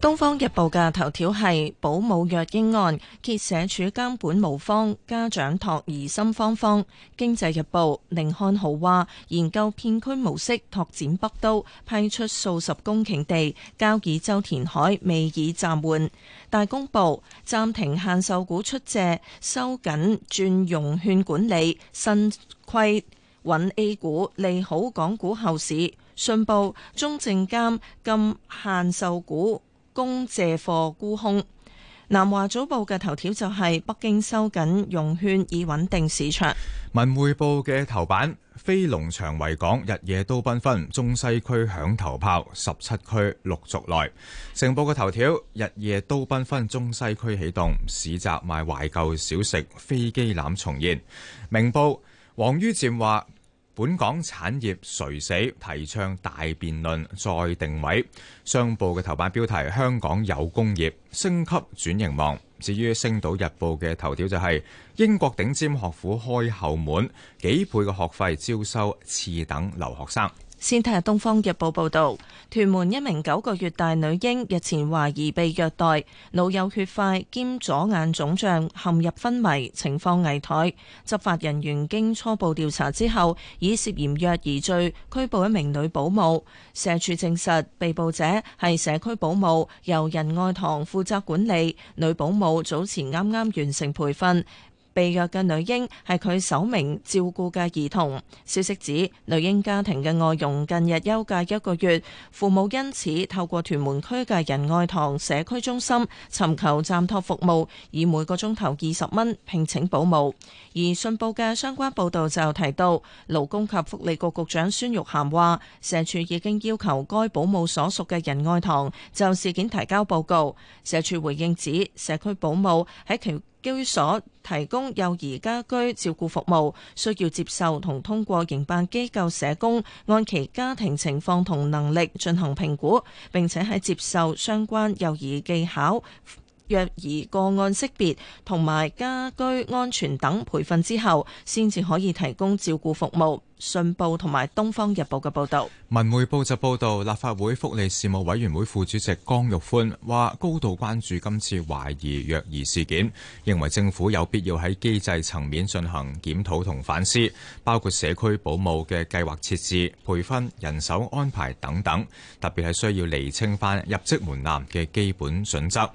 東方日報》嘅頭條係保姆虐嬰案，揭社署監管無方，家長托疑心慌慌。《經濟日報》寧漢豪話，研究片區模式拓展北都，批出數十公頃地，交椅洲填海未已暫緩。《大公報》暫停限售股出借，收緊轉融券管理，新規穩 A 股，利好港股後市。信報，中證監禁限售股供借貨沽空。南華早報嘅頭條就係北京收緊融券以穩定市場。文匯報嘅頭版，飛龍長圍港日夜都繽紛，中西區響頭炮，十七區陸續來。城報嘅頭條，日夜都繽紛，中西區起動，市集賣懷舊小食，飛機欖重現。明報黃於漸話。本港產業垂死？提倡大辯論，再定位。商報嘅頭版標題：香港有工業，升級轉型忙。至於《星島日報》嘅頭條就係英國頂尖學府開後門，幾倍嘅學費招收次等留學生。先睇下《東方日報》報道，屯門一名九個月大女嬰日前懷疑被虐待，腦有血塊兼左眼腫脹，陷入昏迷，情況危殆。執法人員經初步調查之後，以涉嫌虐兒罪拘捕一名女保姆。社署證實，被捕者係社區保姆，由仁愛堂負責管理。女保姆早前啱啱完成培訓。被虐嘅女嬰係佢首名照顧嘅兒童。消息指女嬰家庭嘅外傭近日休假一個月，父母因此透過屯門區嘅仁愛堂社區中心尋求暫托服務，以每個鐘頭二十蚊聘請保姆。而信報嘅相關報道就提到，勞工及福利局局長孫玉菡話，社署已經要求該保姆所屬嘅仁愛堂就事件提交報告。社署回應指，社區保姆喺其居所提供幼兒家居照顧服務，需要接受同通過營辦機構社工按其家庭情況同能力進行評估，並且喺接受相關幼兒技巧。虐兒個案識別同埋家居安全等培訓之後，先至可以提供照顧服務。信報同埋《東方日報》嘅報導，文匯報就報道，立法會福利事務委員會副主席江玉歡話：高度關注今次懷疑虐兒事件，認為政府有必要喺機制層面進行檢討同反思，包括社區保姆嘅計劃設置、培訓、人手安排等等，特別係需要釐清返入職門檻嘅基本準則。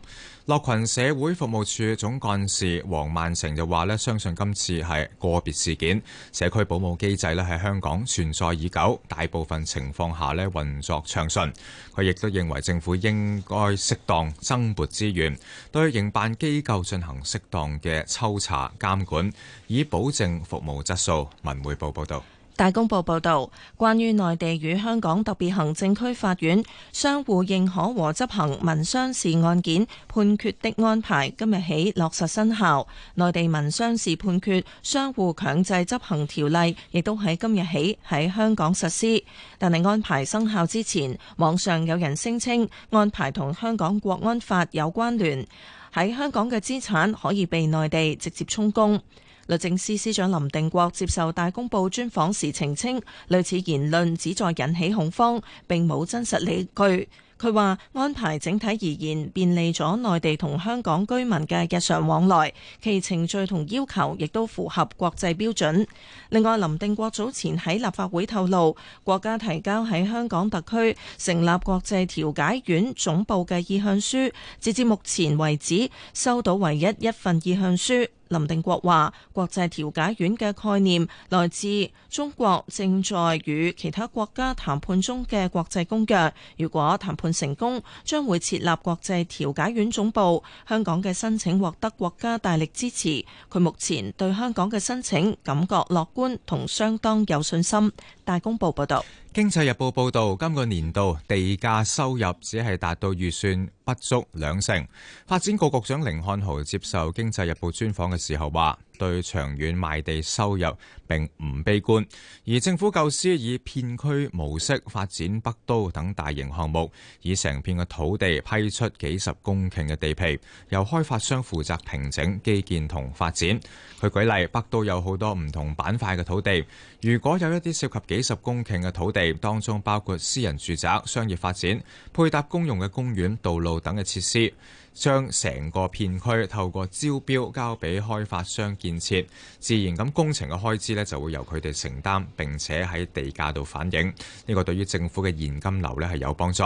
樂群社會服務處總幹事黃萬成就話呢：相信今次係個別事件，社區保姆機制呢，喺香港存在已久，大部分情況下呢運作暢順。佢亦都認為政府應該適當增撥資源，對營辦機構進行適當嘅抽查監管，以保證服務質素。文匯報報道。大公報報導，關於內地與香港特別行政區法院相互認可和執行民商事案件判決的安排，今日起落實生效。內地民商事判決相互強制執行條例亦都喺今日起喺香港實施。但係安排生效之前，網上有人聲稱安排同香港國安法有關聯，喺香港嘅資產可以被內地直接充公。律政司司長林定國接受《大公報》專訪時澄清，類似言論旨在引起恐慌，並冇真實理據。佢話安排整體而言便利咗內地同香港居民嘅日常往來，其程序同要求亦都符合國際標準。另外，林定國早前喺立法會透露，國家提交喺香港特區成立國際調解院總部嘅意向書，直至目前為止收到唯一一份意向書。林定國話：國際調解院嘅概念來自中國正在與其他國家談判中嘅國際公約。如果談判成功，將會設立國際調解院總部。香港嘅申請獲得國家大力支持。佢目前對香港嘅申請感覺樂觀同相當有信心。大公報報道，《經濟日報》報道，今個年度地價收入只係達到預算不足兩成。發展局局長甯漢豪接受《經濟日報》專訪嘅時候話。對長遠賣地收入並唔悲觀，而政府構思以片區模式發展北都等大型項目，以成片嘅土地批出幾十公頃嘅地皮，由開發商負責平整基建同發展。佢舉例，北都有好多唔同板塊嘅土地，如果有一啲涉及幾十公頃嘅土地，當中包括私人住宅、商業發展、配搭公用嘅公園、道路等嘅設施。將成個片區透過招標交俾開發商建設，自然咁工程嘅開支咧就會由佢哋承擔，並且喺地價度反映。呢個對於政府嘅現金流咧係有幫助。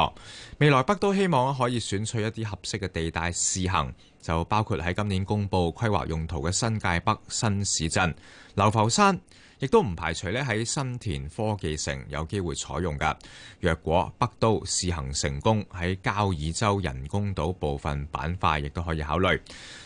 未來北都希望可以選取一啲合適嘅地帶試行，就包括喺今年公布規劃用途嘅新界北新市鎮、流浮山。亦都唔排除咧喺新田科技城有機會採用噶。若果北都試行成功，喺交椅洲人工島部分板塊亦都可以考慮。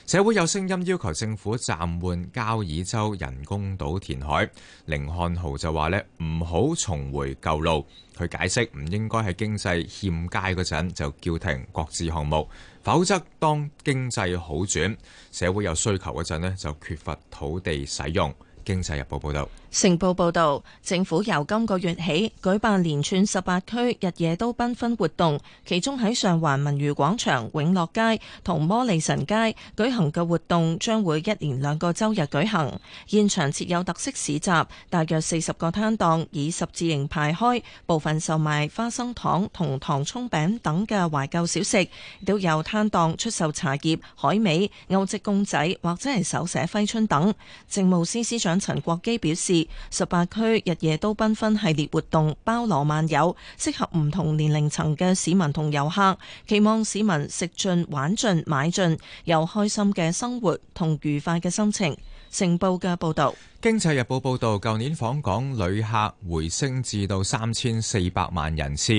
社會有聲音要求政府暫緩交椅洲人工島填海。甯漢豪就話，呢唔好重回舊路，佢解釋唔應該喺經濟欠佳嗰陣就叫停國字項目，否則當經濟好轉，社會有需求嗰陣咧就缺乏土地使用。經濟日報報道。成報報導，政府由今個月起舉辦連串十八區日夜都繽紛活動，其中喺上環文娛廣場、永樂街同摩利臣街舉行嘅活動將會一連兩個周日舉行。現場設有特色市集，大約四十個攤檔以十字形排開，部分售賣花生糖同糖葱餅等嘅懷舊小食，亦都有攤檔出售茶葉、海味、歐籍公仔或者係手寫揮春等。政務司司長陳國基表示。十八區日夜都繽紛系列活動包羅萬有，適合唔同年齡層嘅市民同遊客，期望市民食盡、玩盡、買盡，有開心嘅生活同愉快嘅心情。成報嘅報道，《經濟日報》報道，舊年訪港旅客回升至到三千四百萬人次。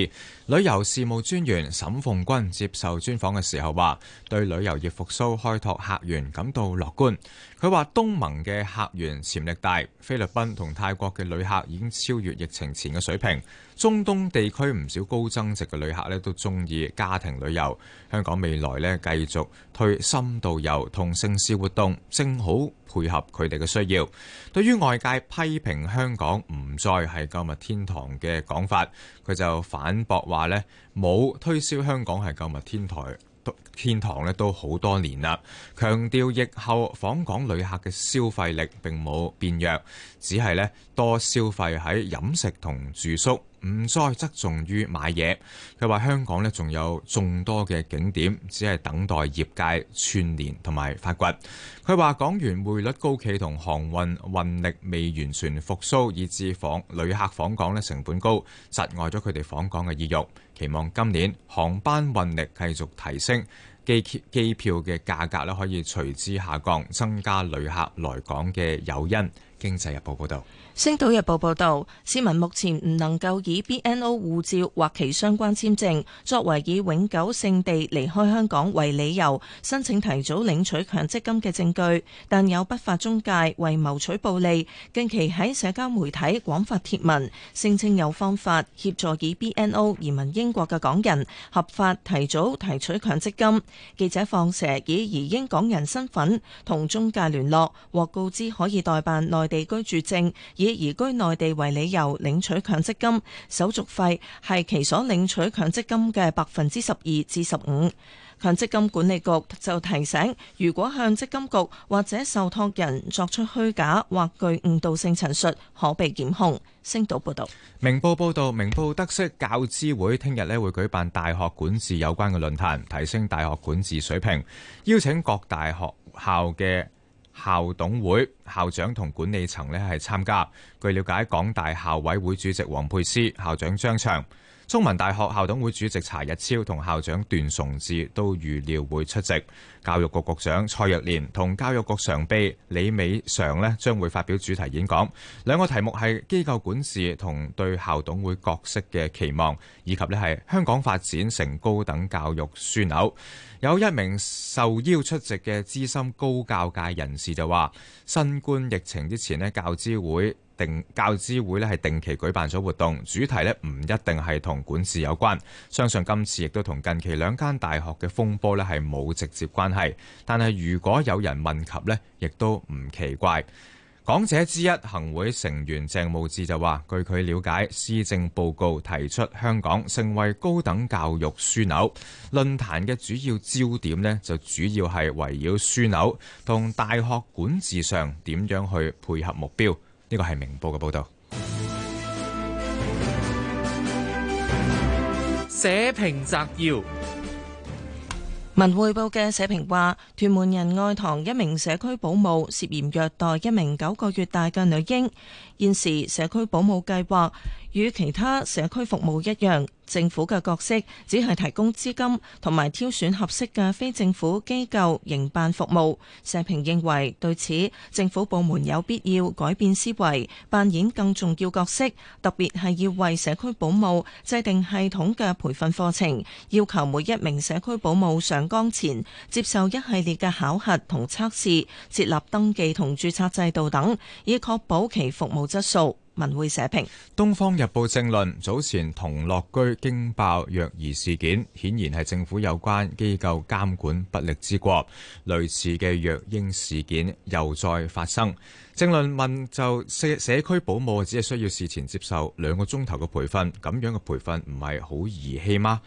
旅遊事務專員沈鳳君接受專訪嘅時候話，對旅遊業復甦開拓客源感到樂觀。佢話東盟嘅客源潛力大，菲律賓同泰國嘅旅客已經超越疫情前嘅水平。中東地區唔少高增值嘅旅客咧，都中意家庭旅遊。香港未來咧繼續推深度遊同盛事活動，正好。配合佢哋嘅需要，對於外界批評香港唔再係購物天堂嘅講法，佢就反駁話呢冇推銷香港係購物天堂，天堂咧都好多年啦。強調疫後訪港旅客嘅消費力並冇變弱，只係呢多消費喺飲食同住宿。唔再側重於買嘢。佢話香港呢仲有眾多嘅景點，只係等待業界串聯同埋發掘。佢話港元匯率高企同航運運力未完全復甦，以致訪旅客訪港咧成本高，窒礙咗佢哋訪港嘅意欲。期望今年航班運力繼續提升，機票票嘅價格咧可以隨之下降，增加旅客來港嘅誘因。經濟日報報導。星島日報報導，市民目前唔能夠以 BNO 護照或其相關簽證作為以永久性地離開香港為理由申請提早領取強積金嘅證據，但有不法中介為牟取暴利，近期喺社交媒體廣發貼文，聲稱有方法協助以 BNO 移民英國嘅港人合法提早提取強積金。記者放蛇以移英港人身份同中介聯絡，獲告知可以代辦內地居住證以移居內地為理由領取強積金，手續費係其所領取強積金嘅百分之十二至十五。強積金管理局就提醒，如果向積金局或者受託人作出虛假或具誤導性陳述，可被檢控。星島報道。明報報道，明報得悉教資會聽日呢會舉辦大學管治有關嘅論壇，提升大學管治水平，邀請各大學校嘅。校董會、校長同管理層咧係參加。據了解，港大校委會主席王沛詩、校長張翔，中文大學校董會主席查逸超同校長段崇智都預料會出席。教育局局長蔡若蓮同教育局常秘李美嫦咧將會發表主題演講。兩個題目係機構管治同對校董會角色嘅期望，以及咧係香港發展成高等教育樞紐。有一名受邀出席嘅資深高教界人士就話：新冠疫情之前咧，教資會定教資會咧係定期舉辦咗活動，主題咧唔一定係同管治有關。相信今次亦都同近期兩間大學嘅風波咧係冇直接關係。但係如果有人問及呢，亦都唔奇怪。講者之一，行會成員鄭慕智就話，據佢了解，施政報告提出香港成為高等教育樞紐論壇嘅主要焦點呢，就主要係圍繞樞紐同大學管治上點樣去配合目標。呢個係明報嘅報道。社評摘要。文匯報嘅社評話，屯門仁愛堂一名社區保姆涉嫌虐待一名九個月大嘅女嬰，現時社區保姆計劃。與其他社區服務一樣，政府嘅角色只係提供資金同埋挑選合適嘅非政府機構營辦服務。社評認為，對此，政府部門有必要改變思維，扮演更重要角色，特別係要為社區保姆制定系統嘅培訓課程，要求每一名社區保姆上崗前，接受一系列嘅考核同測試、設立登記同註冊制度等，以確保其服務質素。文匯社評：東方日報政論。早前同樂居驚爆虐兒事件，顯然係政府有關機構監管不力之過。類似嘅虐嬰事件又再發生。政論問就社社區保姆只係需要事前接受兩個鐘頭嘅培訓，咁樣嘅培訓唔係好兒戲嗎？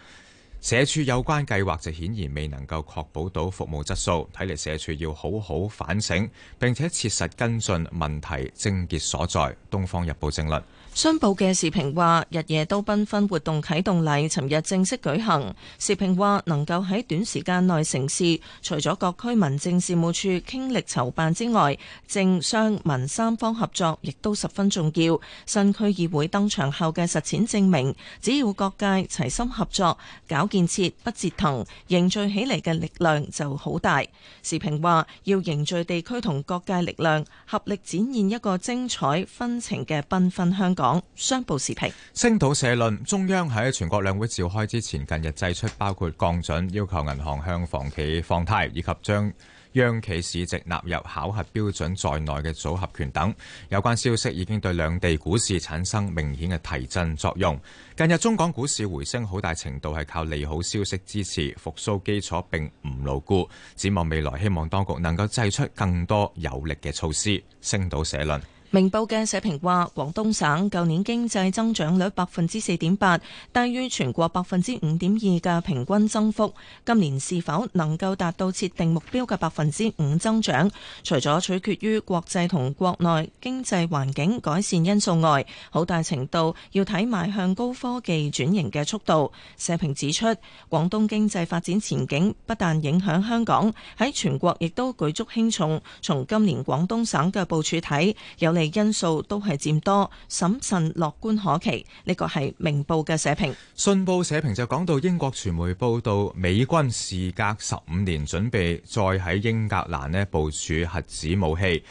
社署有關計劃就顯然未能夠確保到服務質素，睇嚟社署要好好反省，並且切實跟進問題症結所在。《東方日報》正論。商報嘅時評話，日夜都繽紛活動啟動禮，尋日正式舉行。時評話，能夠喺短時間內成事，除咗各區民政事務處傾力籌辦之外，政商民三方合作亦都十分重要。新區議會登場後嘅實踐證明，只要各界齊心合作，搞建設不折騰，凝聚起嚟嘅力量就好大。時評話，要凝聚地區同各界力量，合力展現一個精彩紛呈嘅繽紛香港。香港商報時評，星島社論：中央喺全國兩會召開之前，近日祭出包括降準、要求銀行向房企放貸，以及將央企市值納入考核標準在內嘅組合拳等有關消息，已經對兩地股市產生明顯嘅提振作用。近日中港股市回升好大程度係靠利好消息支持，復蘇基礎並唔牢固。展望未來，希望當局能夠祭出更多有力嘅措施。星島社論。明報嘅社評話，廣東省舊年經濟增長率百分之四點八，低於全國百分之五點二嘅平均增幅。今年是否能夠達到設定目標嘅百分之五增長？除咗取決於國際同國內經濟環境改善因素外，好大程度要睇邁向高科技轉型嘅速度。社評指出，廣東經濟發展前景不但影響香港，喺全國亦都舉足輕重。從今年廣東省嘅部署睇，有。因素都係佔多，審慎樂觀可期。呢、呢個係明報嘅社評。信報社評就講到英國傳媒報道，美軍時隔十五年準備再喺英格蘭呢部署核子武器，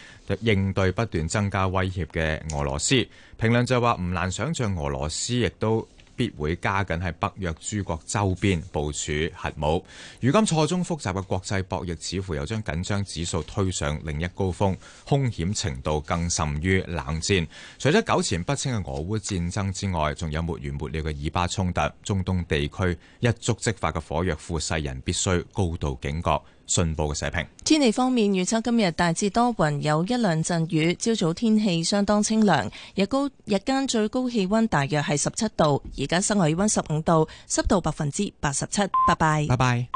應對不斷增加威脅嘅俄羅斯。評論就話唔難想象俄羅斯亦都。必會加緊喺北約諸國周邊部署核武。如今錯綜複雜嘅國際博弈，似乎又將緊張指數推上另一高峰，凶險程度更甚於冷戰。除咗糾纏不清嘅俄烏戰爭之外，仲有沒完沒了嘅以巴衝突、中東地區一觸即發嘅火藥庫，世人必須高度警覺。信報嘅社評。天氣方面預測今日大致多雲，有一兩陣雨。朝早天氣相當清涼，日高日間最高氣溫大約係十七度，而家室外温十五度，濕度百分之八十七。拜拜。拜拜。